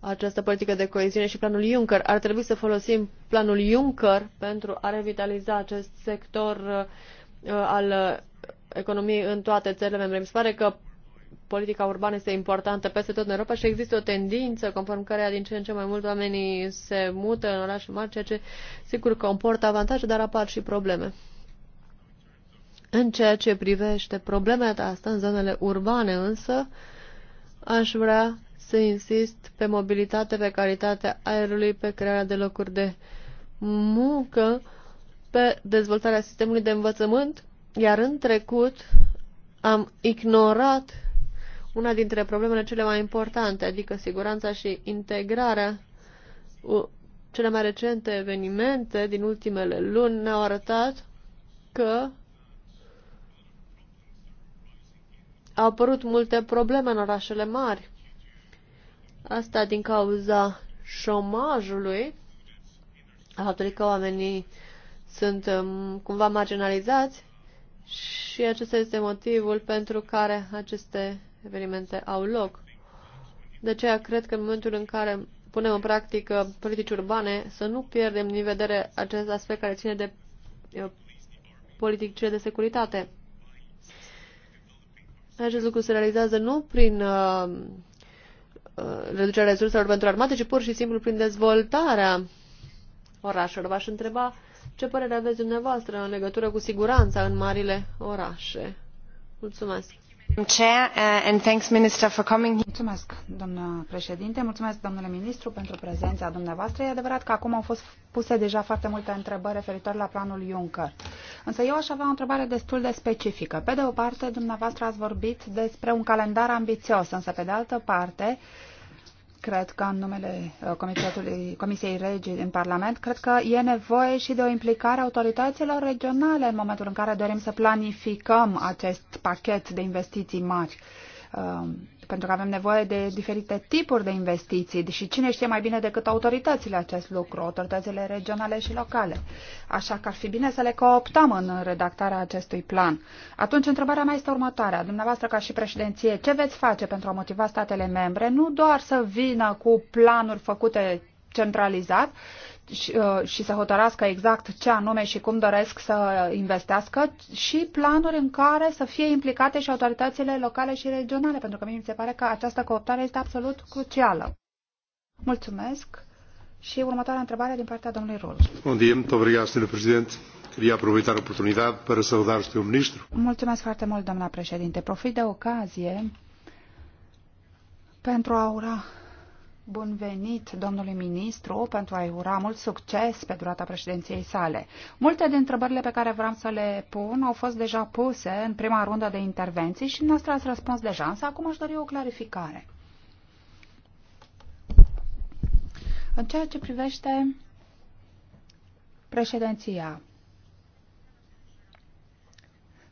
această politică de coeziune și planul Juncker. Ar trebui să folosim planul Juncker pentru a revitaliza acest sector uh, al uh, economiei în toate țările membre. Mi se pare că politica urbană este importantă peste tot în Europa și există o tendință conform căreia din ce în ce mai mult oamenii se mută în orașe mari, ceea ce sigur comportă avantaje, dar apar și probleme. În ceea ce privește problemele asta în zonele urbane însă, aș vrea să insist pe mobilitate, pe calitatea aerului, pe crearea de locuri de muncă, pe dezvoltarea sistemului de învățământ, iar în trecut am ignorat una dintre problemele cele mai importante, adică siguranța și integrarea. Cele mai recente evenimente din ultimele luni ne-au arătat că au apărut multe probleme în orașele mari. Asta din cauza șomajului, a faptului că oamenii sunt um, cumva marginalizați și acesta este motivul pentru care aceste evenimente au loc. De aceea cred că în momentul în care punem în practică politici urbane, să nu pierdem din vedere acest aspect care ține de politicile de securitate. Acest lucru se realizează nu prin uh, uh, reducerea resurselor pentru armate, ci pur și simplu prin dezvoltarea orașelor. V-aș întreba ce părere aveți dumneavoastră în legătură cu siguranța în marile orașe. Mulțumesc! Uh, mulțumesc, președinte, mulțumesc, domnule ministru, pentru prezența dumneavoastră. E adevărat că acum au fost puse deja foarte multe întrebări referitor la planul Juncker. Însă eu aș avea o întrebare destul de specifică. Pe de o parte, dumneavoastră ați vorbit despre un calendar ambițios, însă pe de altă parte, cred că în numele uh, Comisiei Regi în Parlament, cred că e nevoie și de o implicare a autorităților regionale în momentul în care dorim să planificăm acest pachet de investiții mari. Um, pentru că avem nevoie de diferite tipuri de investiții și cine știe mai bine decât autoritățile acest lucru, autoritățile regionale și locale. Așa că ar fi bine să le cooptăm în redactarea acestui plan. Atunci, întrebarea mea este următoarea. Dumneavoastră, ca și președinție, ce veți face pentru a motiva statele membre nu doar să vină cu planuri făcute centralizat, și, uh, și să hotărască exact ce anume și cum doresc să investească și planuri în care să fie implicate și autoritățile locale și regionale, pentru că mie mi se pare că această cooptare este absolut crucială. Mulțumesc. Și următoarea întrebare din partea domnului Rol. Bun dia, obrigat, domnule președinte. Queria aproveitar ministru. Mulțumesc foarte mult, doamna președinte. Profit de ocazie pentru a ura bun venit domnule ministru pentru a-i ura mult succes pe durata președinției sale. Multe din întrebările pe care vreau să le pun au fost deja puse în prima rundă de intervenții și noastră ați răspuns deja, însă acum aș dori o clarificare. În ceea ce privește președinția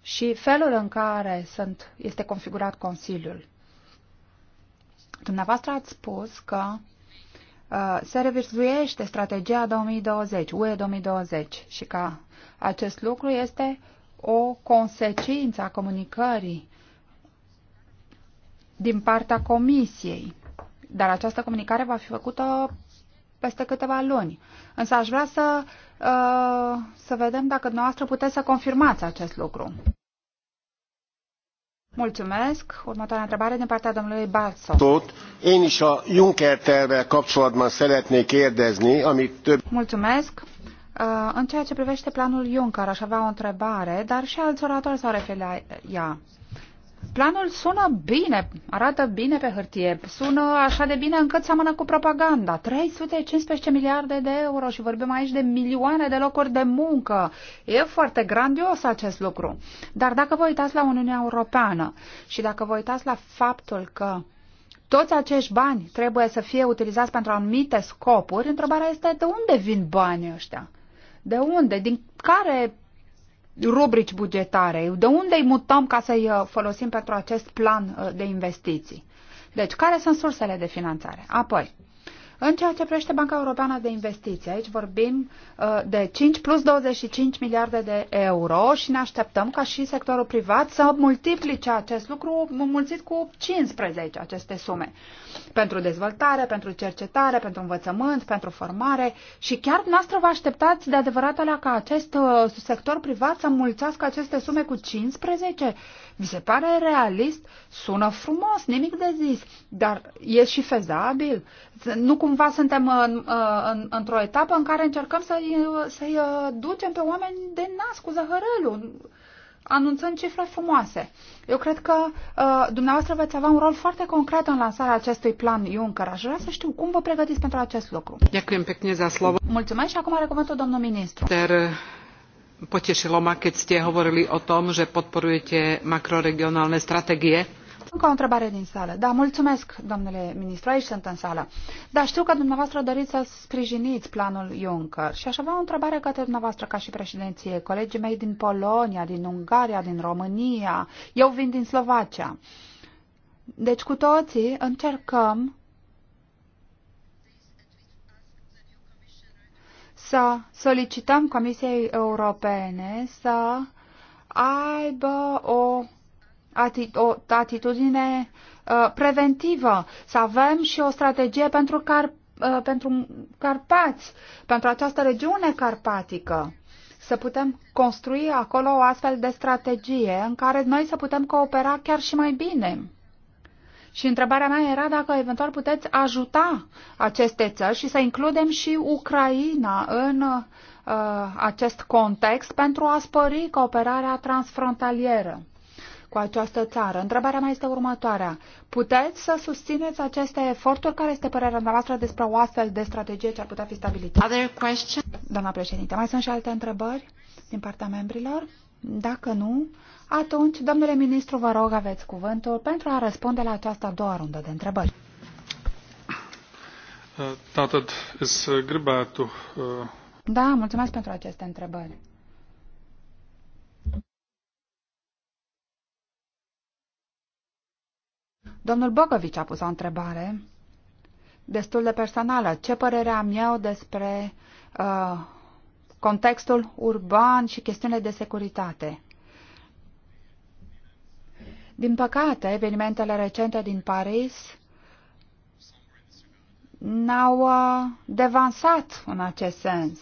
și felul în care sunt, este configurat Consiliul, Dumneavoastră ați spus că uh, se revizuiește strategia 2020, UE 2020 și că acest lucru este o consecință a comunicării din partea Comisiei. Dar această comunicare va fi făcută peste câteva luni. Însă aș vrea să, uh, să vedem dacă dumneavoastră puteți să confirmați acest lucru. Mulțumesc. Următoarea întrebare din partea domnului Tot. Én is a Juncker tervvel kapcsolatban szeretnék kérdezni, amit több... Mulțumesc. În ceea ce privește planul Juncker, aș avea o întrebare, dar și alți oratori s-au referit la ea. Planul sună bine, arată bine pe hârtie, sună așa de bine încât seamănă cu propaganda. 315 miliarde de euro și vorbim aici de milioane de locuri de muncă. E foarte grandios acest lucru. Dar dacă vă uitați la Uniunea Europeană și dacă vă uitați la faptul că toți acești bani trebuie să fie utilizați pentru anumite scopuri, întrebarea este de unde vin banii ăștia? De unde? Din care rubrici bugetare, de unde îi mutăm ca să-i uh, folosim pentru acest plan uh, de investiții. Deci, care sunt sursele de finanțare? Apoi, în ceea ce privește Banca Europeană de Investiții, aici vorbim uh, de 5 plus 25 miliarde de euro și ne așteptăm ca și sectorul privat să multiplice acest lucru mulțit cu 15 aceste sume pentru dezvoltare, pentru cercetare, pentru învățământ, pentru formare și chiar noastră vă așteptați de adevărat alea ca acest uh, sector privat să mulțească aceste sume cu 15? Vi se pare realist? Sună frumos, nimic de zis, dar e și fezabil. Nu cumva suntem în, în, într-o etapă în care încercăm să-i, să-i uh, ducem pe oameni de nas cu zahărelul anunțând cifre frumoase. Eu cred că uh, dumneavoastră veți avea un rol foarte concret în lansarea acestui plan Juncker. Aș vrea să știu cum vă pregătiți pentru acest lucru. Mulțumesc și acum are cuvântul domnul ministru. uh potešilo ma keď ste hovorili o tom že podporujete makroregionálne stratégie. Încă o întrebare din sală. Da, mulțumesc, domnule ministru, aici sunt în sală. Da, știu că dumneavoastră doriți să sprijiniți planul Juncker și aș avea o întrebare către dumneavoastră ca și președinție. Colegii mei din Polonia, din Ungaria, din România, eu vin din Slovacia. Deci cu toții încercăm să solicităm Comisiei Europene să aibă o, ati, o atitudine uh, preventivă, să avem și o strategie pentru, car, uh, pentru Carpați, pentru această regiune carpatică să putem construi acolo o astfel de strategie în care noi să putem coopera chiar și mai bine. Și întrebarea mea era dacă eventual puteți ajuta aceste țări și să includem și Ucraina în uh, acest context pentru a spări cooperarea transfrontalieră cu această țară. Întrebarea mea este următoarea. Puteți să susțineți aceste eforturi? Care este părerea noastră despre o astfel de strategie ce ar putea fi stabilită? Other Doamna președinte, mai sunt și alte întrebări din partea membrilor? Dacă nu, atunci, domnule ministru, vă rog, aveți cuvântul pentru a răspunde la această a doua rundă de întrebări. Tātad es gribētu. Uh, da, mulțumesc pentru aceste întrebări. Domnul Bogovici a pus o întrebare destul de personală. Ce părere am eu despre uh, contextul urban și chestiunile de securitate? Din păcate, evenimentele recente din Paris n-au uh, devansat în acest sens.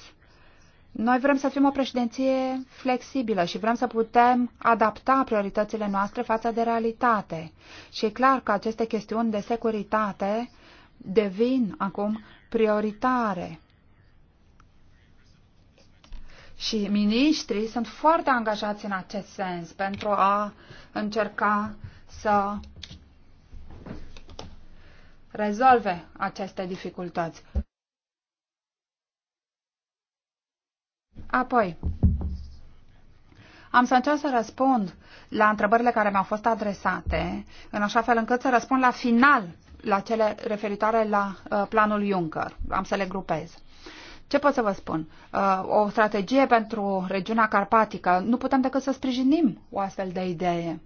Noi vrem să fim o președinție flexibilă și vrem să putem adapta prioritățile noastre față de realitate. Și e clar că aceste chestiuni de securitate devin acum prioritare și miniștrii sunt foarte angajați în acest sens pentru a încerca să rezolve aceste dificultăți. Apoi, am să încerc să răspund la întrebările care mi-au fost adresate, în așa fel încât să răspund la final la cele referitoare la uh, planul Juncker. Am să le grupez. Ce pot să vă spun? Uh, o strategie pentru regiunea carpatică. Nu putem decât să sprijinim o astfel de idee.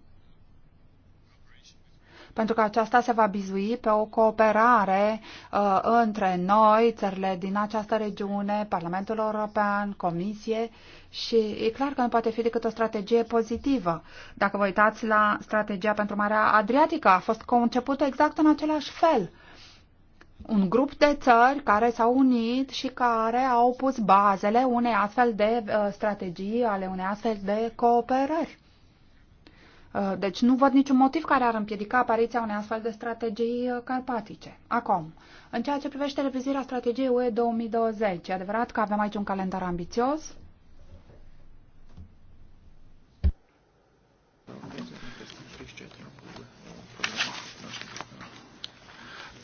Pentru că aceasta se va bizui pe o cooperare uh, între noi, țările din această regiune, Parlamentul European, Comisie și e clar că nu poate fi decât o strategie pozitivă. Dacă vă uitați la strategia pentru Marea Adriatică, a fost concepută exact în același fel. Uh, un grup de țări care s-au unit și care au pus bazele unei astfel de uh, strategii, ale unei astfel de cooperări. Uh, deci nu văd niciun motiv care ar împiedica apariția unei astfel de strategii uh, carpatice. Acum, în ceea ce privește revizirea strategiei UE 2020, e adevărat că avem aici un calendar ambițios?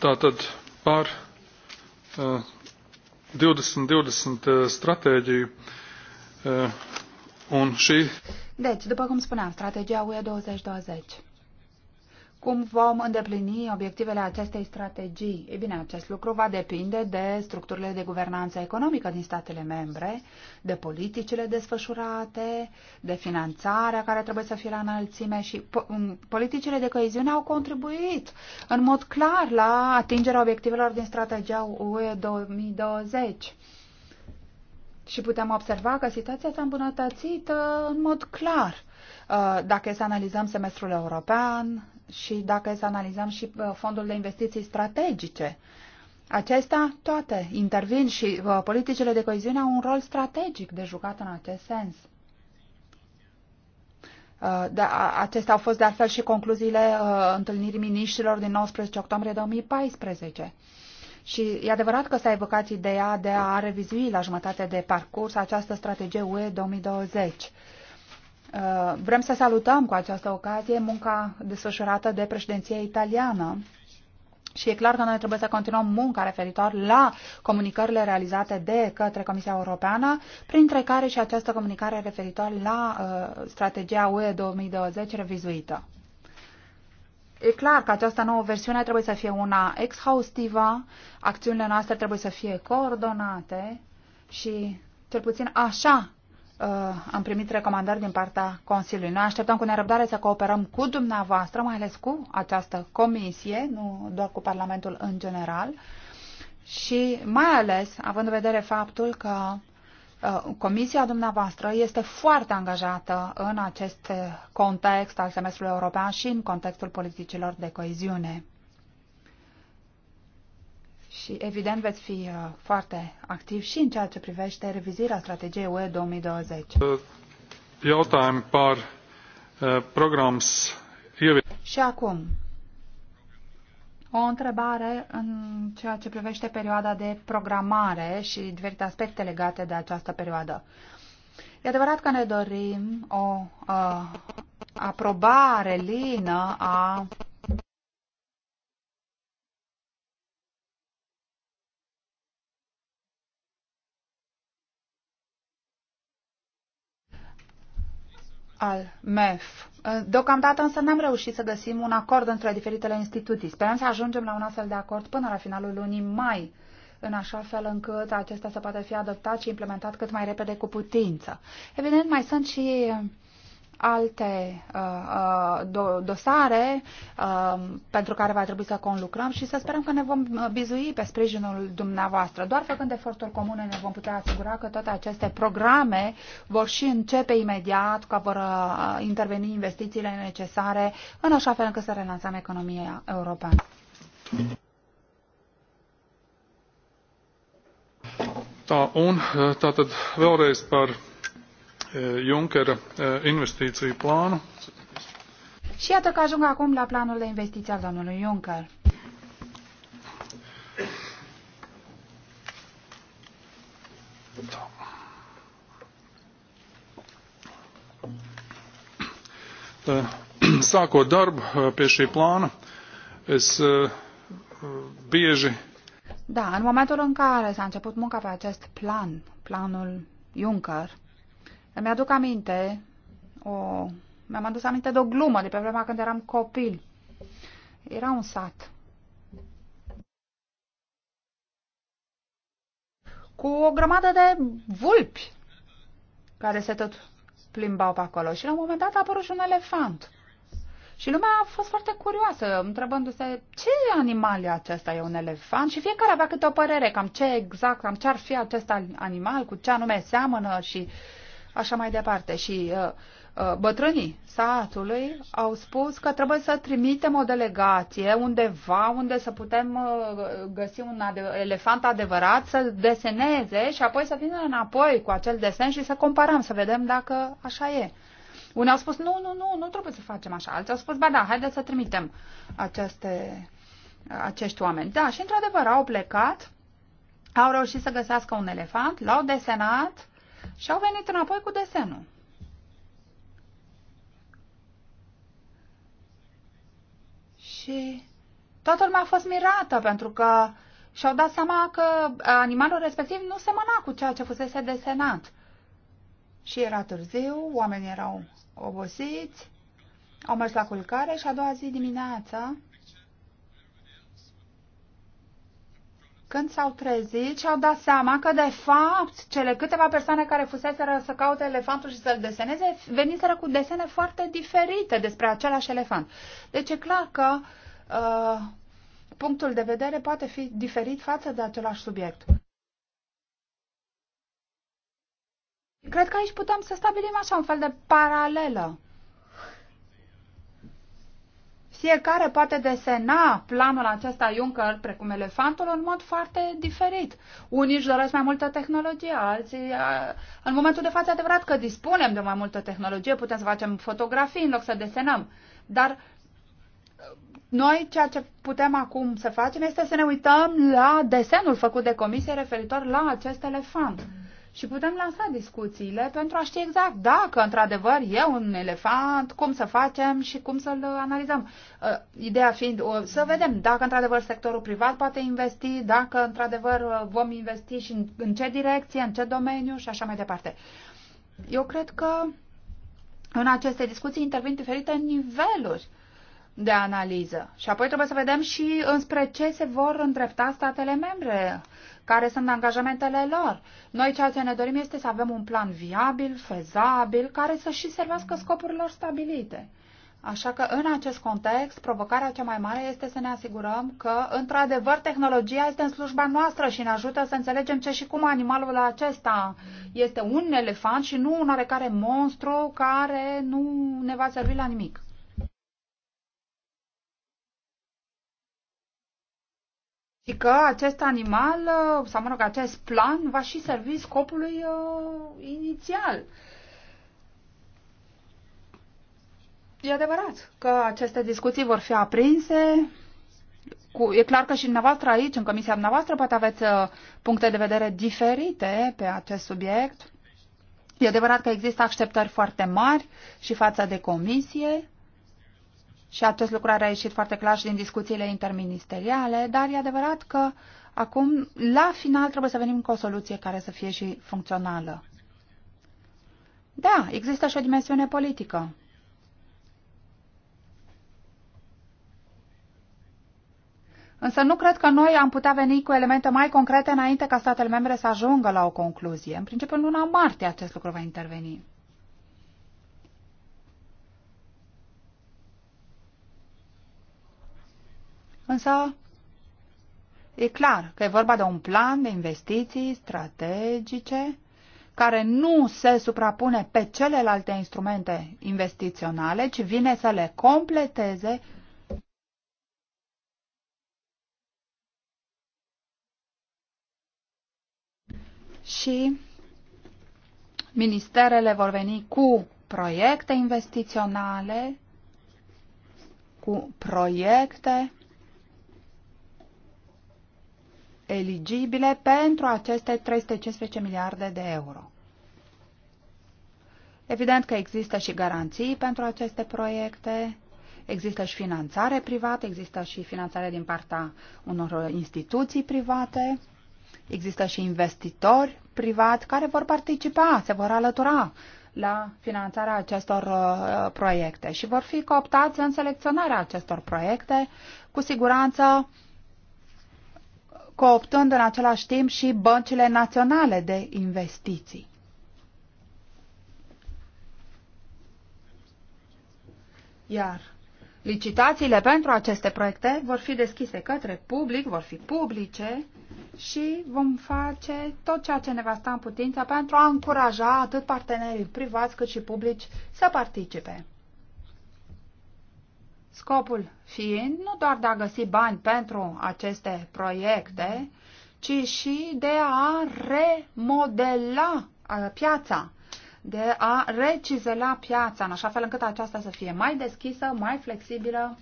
Da, tot par uh, 2020 stratēģiju uh, un šī. Deci, după cum spuneam, strategia UE 2020 cum vom îndeplini obiectivele acestei strategii? Ei bine, acest lucru va depinde de structurile de guvernanță economică din statele membre, de politicile desfășurate, de finanțarea care trebuie să fie la înălțime și politicile de coeziune au contribuit în mod clar la atingerea obiectivelor din strategia UE 2020. Și putem observa că situația s-a îmbunătățit uh, în mod clar uh, dacă e să analizăm semestrul european, și dacă să analizăm și uh, fondul de investiții strategice, acestea toate intervin și uh, politicile de coeziune au un rol strategic de jucat în acest sens. Uh, da, acestea au fost de altfel și concluziile întâlnirii miniștrilor din 19 octombrie 2014. Și e adevărat că s-a evocat ideea de a revizui la jumătate de parcurs această strategie UE 2020. Uh, vrem să salutăm cu această ocazie munca desfășurată de președinția italiană și e clar că noi trebuie să continuăm munca referitor la comunicările realizate de către Comisia Europeană, printre care și această comunicare referitor la uh, strategia UE 2020 revizuită. E clar că această nouă versiune trebuie să fie una exhaustivă, acțiunile noastre trebuie să fie coordonate și cel puțin așa Uh, am primit recomandări din partea Consiliului. Noi așteptăm cu nerăbdare să cooperăm cu dumneavoastră, mai ales cu această comisie, nu doar cu Parlamentul în general, și mai ales având în vedere faptul că uh, Comisia dumneavoastră este foarte angajată în acest context al semestrului european și în contextul politicilor de coeziune. Și evident veți fi uh, foarte activ și în ceea ce privește revizirea strategiei UE 2020. Uh, Jautājumi par uh, Și acum, o întrebare în ceea ce privește perioada de programare și diferite aspecte legate de această perioadă. E adevărat că ne dorim o uh, aprobare lină a al MEF. Deocamdată însă n-am reușit să găsim un acord între diferitele instituții. Sperăm să ajungem la un astfel de acord până la finalul lunii mai, în așa fel încât acesta să poată fi adoptat și implementat cât mai repede cu putință. Evident, mai sunt și alte uh, uh, do, dosare uh, pentru care va trebui să conlucrăm și să sperăm că ne vom uh, bizui pe sprijinul dumneavoastră. Doar făcând eforturi comune ne vom putea asigura că toate aceste programe vor și începe imediat, că vor uh, interveni investițiile necesare în așa fel încât să relansăm economia europeană. Da, un uh, vă urez par Eh, Juncker eh, investiții plan. Și iată că ajung acum la planul de investiții al domnului Juncker. Eh, sākot darbu pie šī plāna, es bieži. Da, în momentul în care s-a început munca pe acest plan, planul Juncker, îmi aduc aminte o... Mi-am adus aminte de o glumă de pe vremea când eram copil. Era un sat. Cu o grămadă de vulpi care se tot plimbau pe acolo. Și la un moment dat a apărut și un elefant. Și lumea a fost foarte curioasă, întrebându-se ce animal e acesta, e un elefant? Și fiecare avea câte o părere, cam ce exact, cam ce ar fi acest animal, cu ce anume seamănă și uh, așa mai departe. Și uh, uh, bătrânii satului au spus că trebuie să trimitem o delegație undeva unde să putem uh, găsi un elefant adevărat, să deseneze și apoi să vină înapoi cu acel desen și să comparăm, să vedem dacă așa e. Unii au spus, nu, nu, nu, nu trebuie să facem așa. Alții au spus, ba da, haideți să trimitem aceste, acești oameni. Da, și într-adevăr au plecat, au reușit să găsească un elefant, l-au desenat, și au venit înapoi cu desenul. Și toată lumea a fost mirată pentru că și-au dat seama că animalul respectiv nu semăna cu ceea ce fusese desenat. Și era târziu, oamenii erau obosiți, au mers la culcare și a doua zi dimineața Când s-au trezit și au dat seama că, de fapt, cele câteva persoane care fuseseră să caute elefantul și să-l deseneze, veniseră cu desene foarte diferite despre același elefant. Deci e clar că uh, punctul de vedere poate fi diferit față de același subiect. Cred că aici putem să stabilim așa un fel de paralelă. Fiecare poate desena planul acesta Juncker precum elefantul în mod foarte diferit. Unii își doresc mai multă tehnologie, alții... În momentul de față, adevărat că dispunem de mai multă tehnologie, putem să facem fotografii în loc să desenăm. Dar noi ceea ce putem acum să facem este să ne uităm la desenul făcut de comisie referitor la acest elefant. Mm și putem lansa discuțiile pentru a ști exact dacă, într-adevăr, e un elefant, cum să facem și cum să-l analizăm. Uh, ideea fiind uh, să vedem dacă, într-adevăr, sectorul privat poate investi, dacă, într-adevăr, uh, vom investi și în ce direcție, în ce domeniu și așa mai departe. Eu cred că în aceste discuții intervin diferite niveluri de analiză. Și apoi trebuie să vedem și înspre ce se vor îndrepta statele membre care sunt angajamentele lor. Noi ceea ce ne dorim este să avem un plan viabil, fezabil, care să și servească scopurilor stabilite. Așa că, în acest context, provocarea cea mai mare este să ne asigurăm că, într-adevăr, tehnologia este în slujba noastră și ne ajută să înțelegem ce și cum animalul acesta este un elefant și nu un oarecare monstru care nu ne va servi la nimic. și că acest animal, uh, sau mă rog, acest plan va și servi scopului uh, inițial. E adevărat că aceste discuții vor fi aprinse. Cu, e clar că și dumneavoastră aici, în comisia dumneavoastră, poate aveți uh, puncte de vedere diferite pe acest subiect. E adevărat că există așteptări foarte mari și față de comisie și acest lucru a reieșit foarte clar și din discuțiile interministeriale, dar e adevărat că acum, la final, trebuie să venim cu o soluție care să fie și funcțională. Da, există și o dimensiune politică. Însă nu cred că noi am putea veni cu elemente mai concrete înainte ca statele membre să ajungă la o concluzie. În principiu, în luna martie acest lucru va interveni. însă e clar că e vorba de un plan de investiții strategice care nu se suprapune pe celelalte instrumente investiționale, ci vine să le completeze și ministerele vor veni cu proiecte investiționale, cu proiecte eligibile pentru aceste 315 miliarde de euro. Evident că există și garanții pentru aceste proiecte, există și finanțare privată, există și finanțare din partea unor instituții private, există și investitori privat care vor participa, se vor alătura la finanțarea acestor uh, proiecte și vor fi cooptați în selecționarea acestor proiecte. Cu siguranță uh, cooptând în același timp și băncile naționale de investiții. Iar licitațiile pentru aceste proiecte vor fi deschise către public, vor fi publice și vom face tot ceea ce ne va sta în putință pentru a încuraja atât partenerii privați cât și publici să participe. Scopul fiind nu doar de a găsi bani pentru aceste proiecte, ci și de a remodela piața, de a recizela piața, în așa fel încât aceasta să fie mai deschisă, mai flexibilă,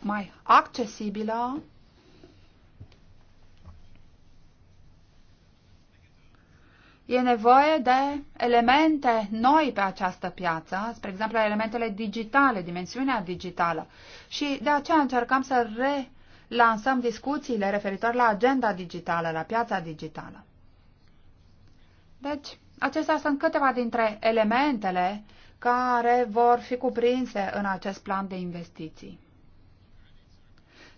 mai accesibilă E nevoie de elemente noi pe această piață, spre exemplu elementele digitale, dimensiunea digitală. Și de aceea încercăm să relansăm discuțiile referitor la agenda digitală, la piața digitală. Deci, acestea sunt câteva dintre elementele care vor fi cuprinse în acest plan de investiții.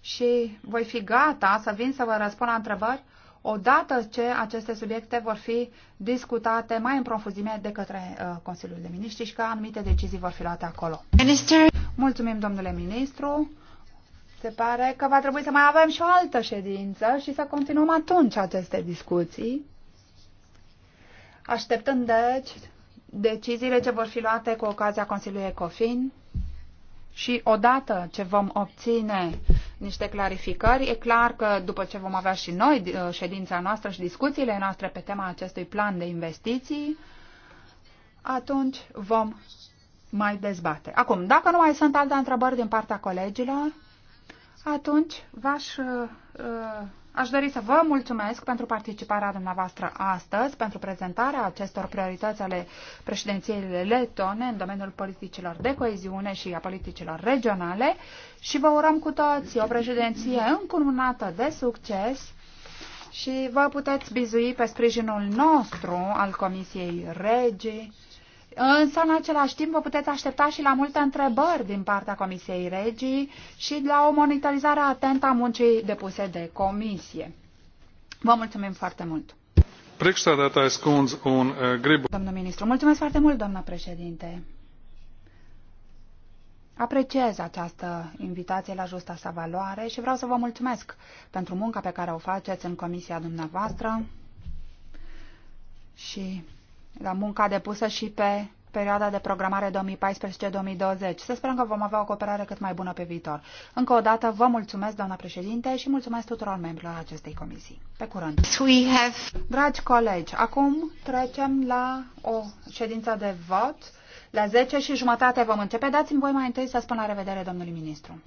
Și voi fi gata să vin să vă răspund la întrebări odată ce aceste subiecte vor fi discutate mai în profunzime de către uh, Consiliul de Ministri și că anumite decizii vor fi luate acolo. Minister. Mulțumim, domnule ministru. Se pare că va trebui să mai avem și o altă ședință și să continuăm atunci aceste discuții. Așteptând, deci, deciziile ce vor fi luate cu ocazia Consiliului Ecofin și odată ce vom obține niște clarificări. E clar că după ce vom avea și noi uh, ședința noastră și discuțiile noastre pe tema acestui plan de investiții, atunci vom mai dezbate. Acum, dacă nu mai sunt alte întrebări din partea colegilor, atunci v-aș uh, uh Aș dori să vă mulțumesc pentru participarea dumneavoastră astăzi, pentru prezentarea acestor priorități ale președinției letone în domeniul politicilor de coeziune și a politicilor regionale și vă urăm cu toți o președinție încununată de succes și vă puteți bizui pe sprijinul nostru al Comisiei Regii Însă, în același timp, vă puteți aștepta și la multe întrebări din partea Comisiei Regii și la o monitorizare atentă a muncii depuse de Comisie. Vă mulțumim foarte mult! un Domnul ministru, mulțumesc foarte mult, doamna președinte. Apreciez această invitație la justa sa valoare și vreau să vă mulțumesc pentru munca pe care o faceți în comisia dumneavoastră și la munca depusă și pe perioada de programare 2014-2020. Să sperăm că vom avea o cooperare cât mai bună pe viitor. Încă o dată vă mulțumesc, doamna președinte, și mulțumesc tuturor membrilor acestei comisii. Pe curând! We have... Dragi colegi, acum trecem la o ședință de vot. La 10 și jumătate vom începe. Dați-mi voi mai întâi să spun la revedere, domnului ministru.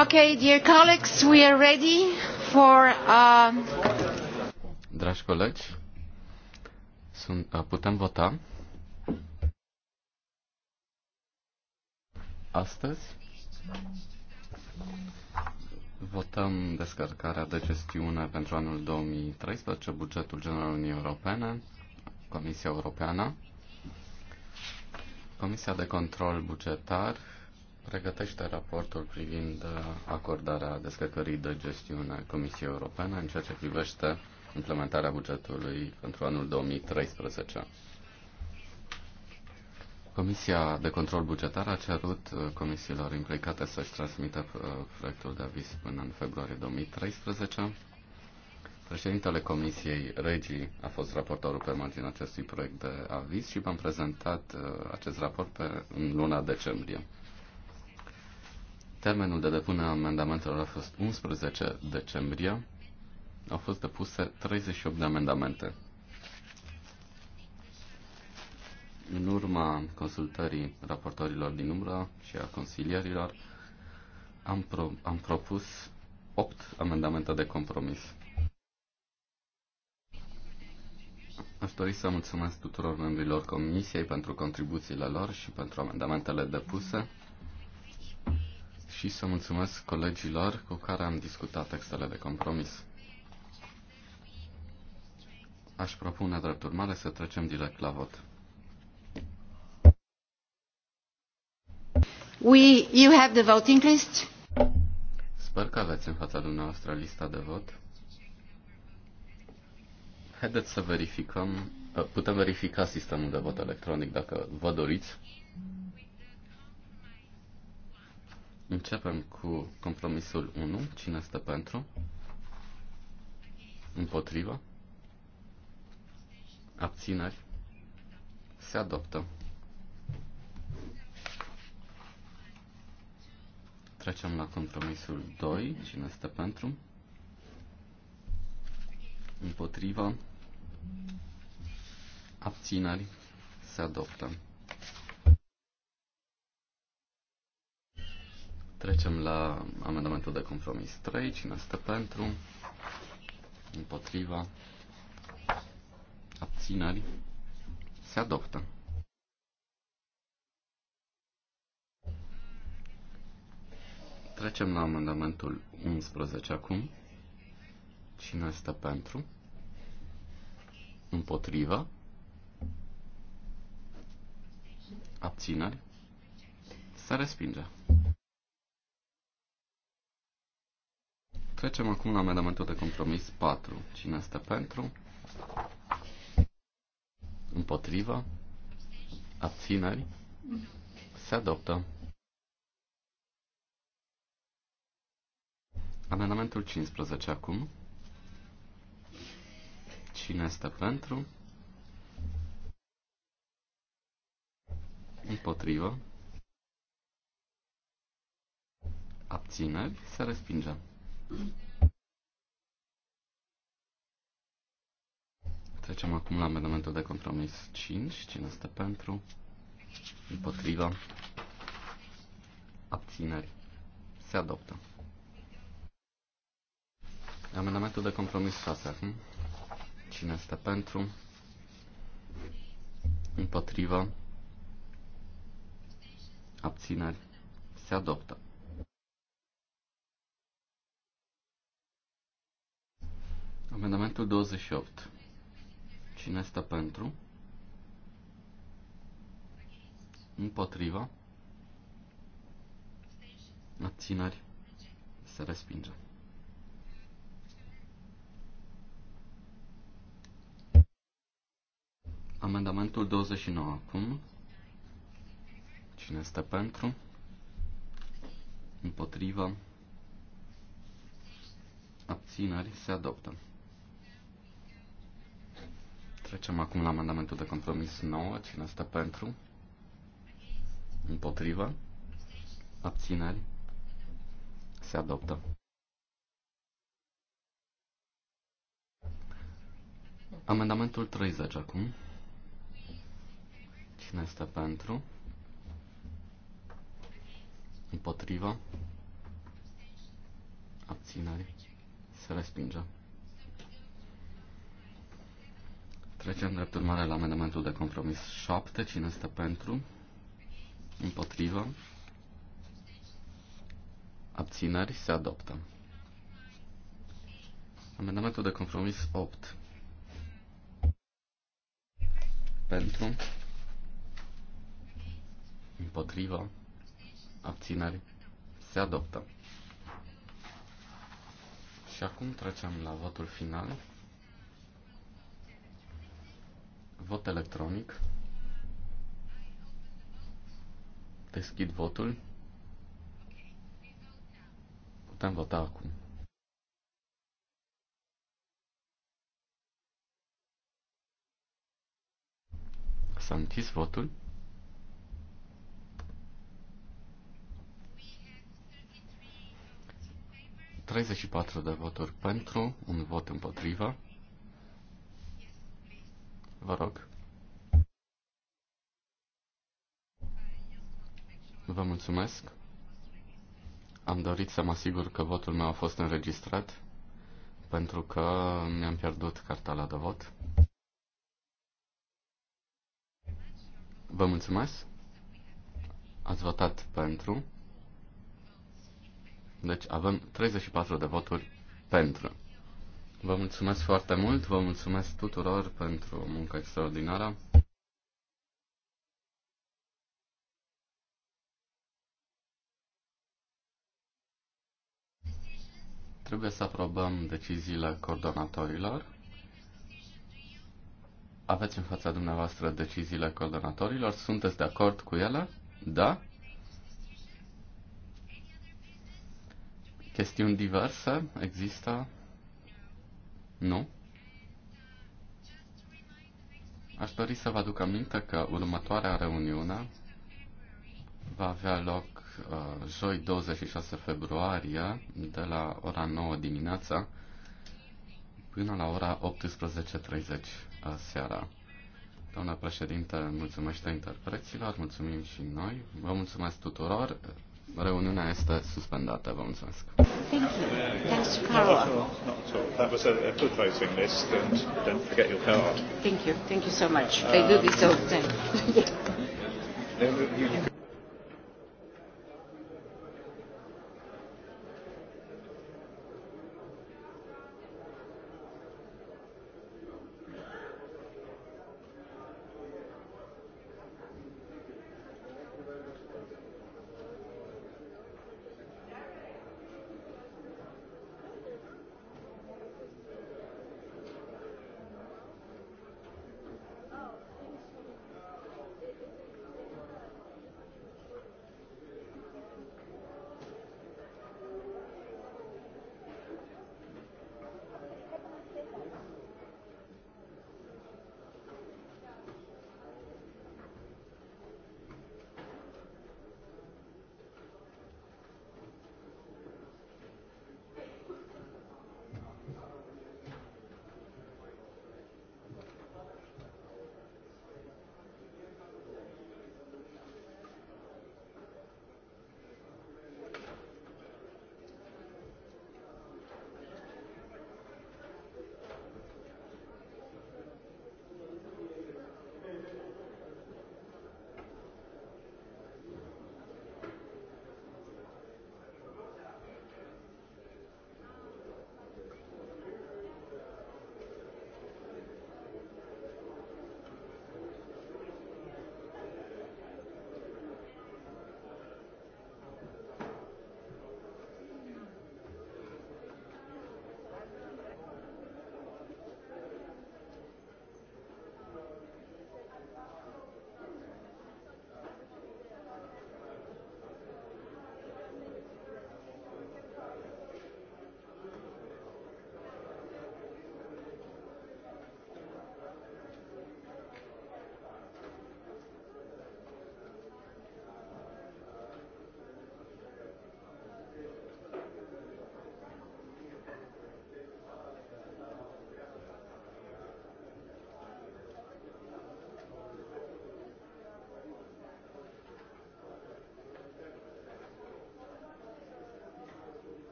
Uh, Dragi colegi, sunt, uh, putem vota. Astăzi votăm descărcarea de gestiune pentru anul 2013, bugetul general Uniunii Europene, Comisia Europeană, Comisia de Control Bugetar pregătește raportul privind uh, acordarea descărcării de gestiune Comisiei Europene în ceea ce privește implementarea bugetului pentru anul 2013. Comisia de control bugetar a cerut uh, comisiilor implicate să-și transmită uh, proiectul de aviz până în februarie 2013. Președintele Comisiei Regii a fost raportorul pe marginea acestui proiect de aviz și v-am prezentat acest raport pe, în luna decembrie. Termenul de depune a amendamentelor a fost 11 decembrie. Au fost depuse 38 de amendamente. În urma consultării raportorilor din umbră și a consilierilor, am, pro- am propus 8 amendamente de compromis. Aș dori să mulțumesc tuturor membrilor Comisiei pentru contribuțiile lor și pentru amendamentele depuse și să mulțumesc colegilor cu care am discutat textele de compromis. Aș propune drept urmare să trecem direct la vot. We, you have the voting list? Sper că aveți în fața dumneavoastră lista de vot. Haideți să verificăm. Putem verifica sistemul de vot electronic dacă vă doriți. Începem cu compromisul 1. Cine este pentru? Împotrivă? Abțineri? Se adoptă. Trecem la compromisul 2. Cine este pentru? Împotrivă? Abțineri? Se adoptă. Trecem la amendamentul de compromis 3. Cine stă pentru? Împotriva? Abținări? Se adoptă. Trecem la amendamentul 11 acum. Cine stă pentru? Împotriva? Abțineri? Se respinge. Trecem acum la amendamentul de compromis 4. Cine este pentru? Împotrivă? Abțineri? Se adoptă. Amendamentul 15 acum. Cine este pentru? Împotrivă? Abțineri? Se respinge. Trecem acum la amendamentul de compromis 5. Cine este pentru? Împotriva? Abțineri? Se adoptă. Amendamentul de compromis 6. Hm? Cine este pentru? Împotriva? Abțineri? Se adoptă. Amendamentul 28. Cine stă pentru? Împotriva? Abținări? Se respinge. Amendamentul 29 acum. Cine este pentru? Împotriva? Abținări se adoptă. Trecem acum la amendamentul de compromis 9. Cine este pentru? Împotrivă? Abțineri? Se adoptă. Amendamentul 30 acum. Cine este pentru? Împotrivă? Abțineri? Se respinge. Trecem drept urmare la amendamentul de compromis 7. Cine este pentru? Împotrivă? Abțineri? Se adoptă. Amendamentul de compromis 8. Pentru? Împotrivă? Abțineri? Se adoptă. Și acum trecem la votul final. Vot electronic. Deschid votul. Putem vota acum. S-a închis votul. Treizeci și patru de voturi pentru, un vot împotriva. Vă rog. Vă mulțumesc. Am dorit să mă asigur că votul meu a fost înregistrat, pentru că mi-am pierdut cartela de vot. Vă mulțumesc. Ați votat pentru. Deci avem 34 de voturi pentru. Vă mulțumesc foarte mult, vă mulțumesc tuturor pentru munca extraordinară. Trebuie să aprobăm deciziile coordonatorilor. Aveți în fața dumneavoastră deciziile coordonatorilor. Sunteți de acord cu ele? Da? Chestiuni diverse există? Nu? Aș dori să vă aduc aminte că următoarea reuniune va avea loc uh, joi 26 februarie de la ora 9 dimineața până la ora 18.30 uh, seara. Doamna președinte, mulțumește interpreților, mulțumim și noi, vă mulțumesc tuturor. Reuniunea este suspendată. Vă mulțumesc. Thank you. Thanks, Carla. That was a, advertising list, and don't forget your card. Thank you. Thank you so much. They do this all the time. Uh,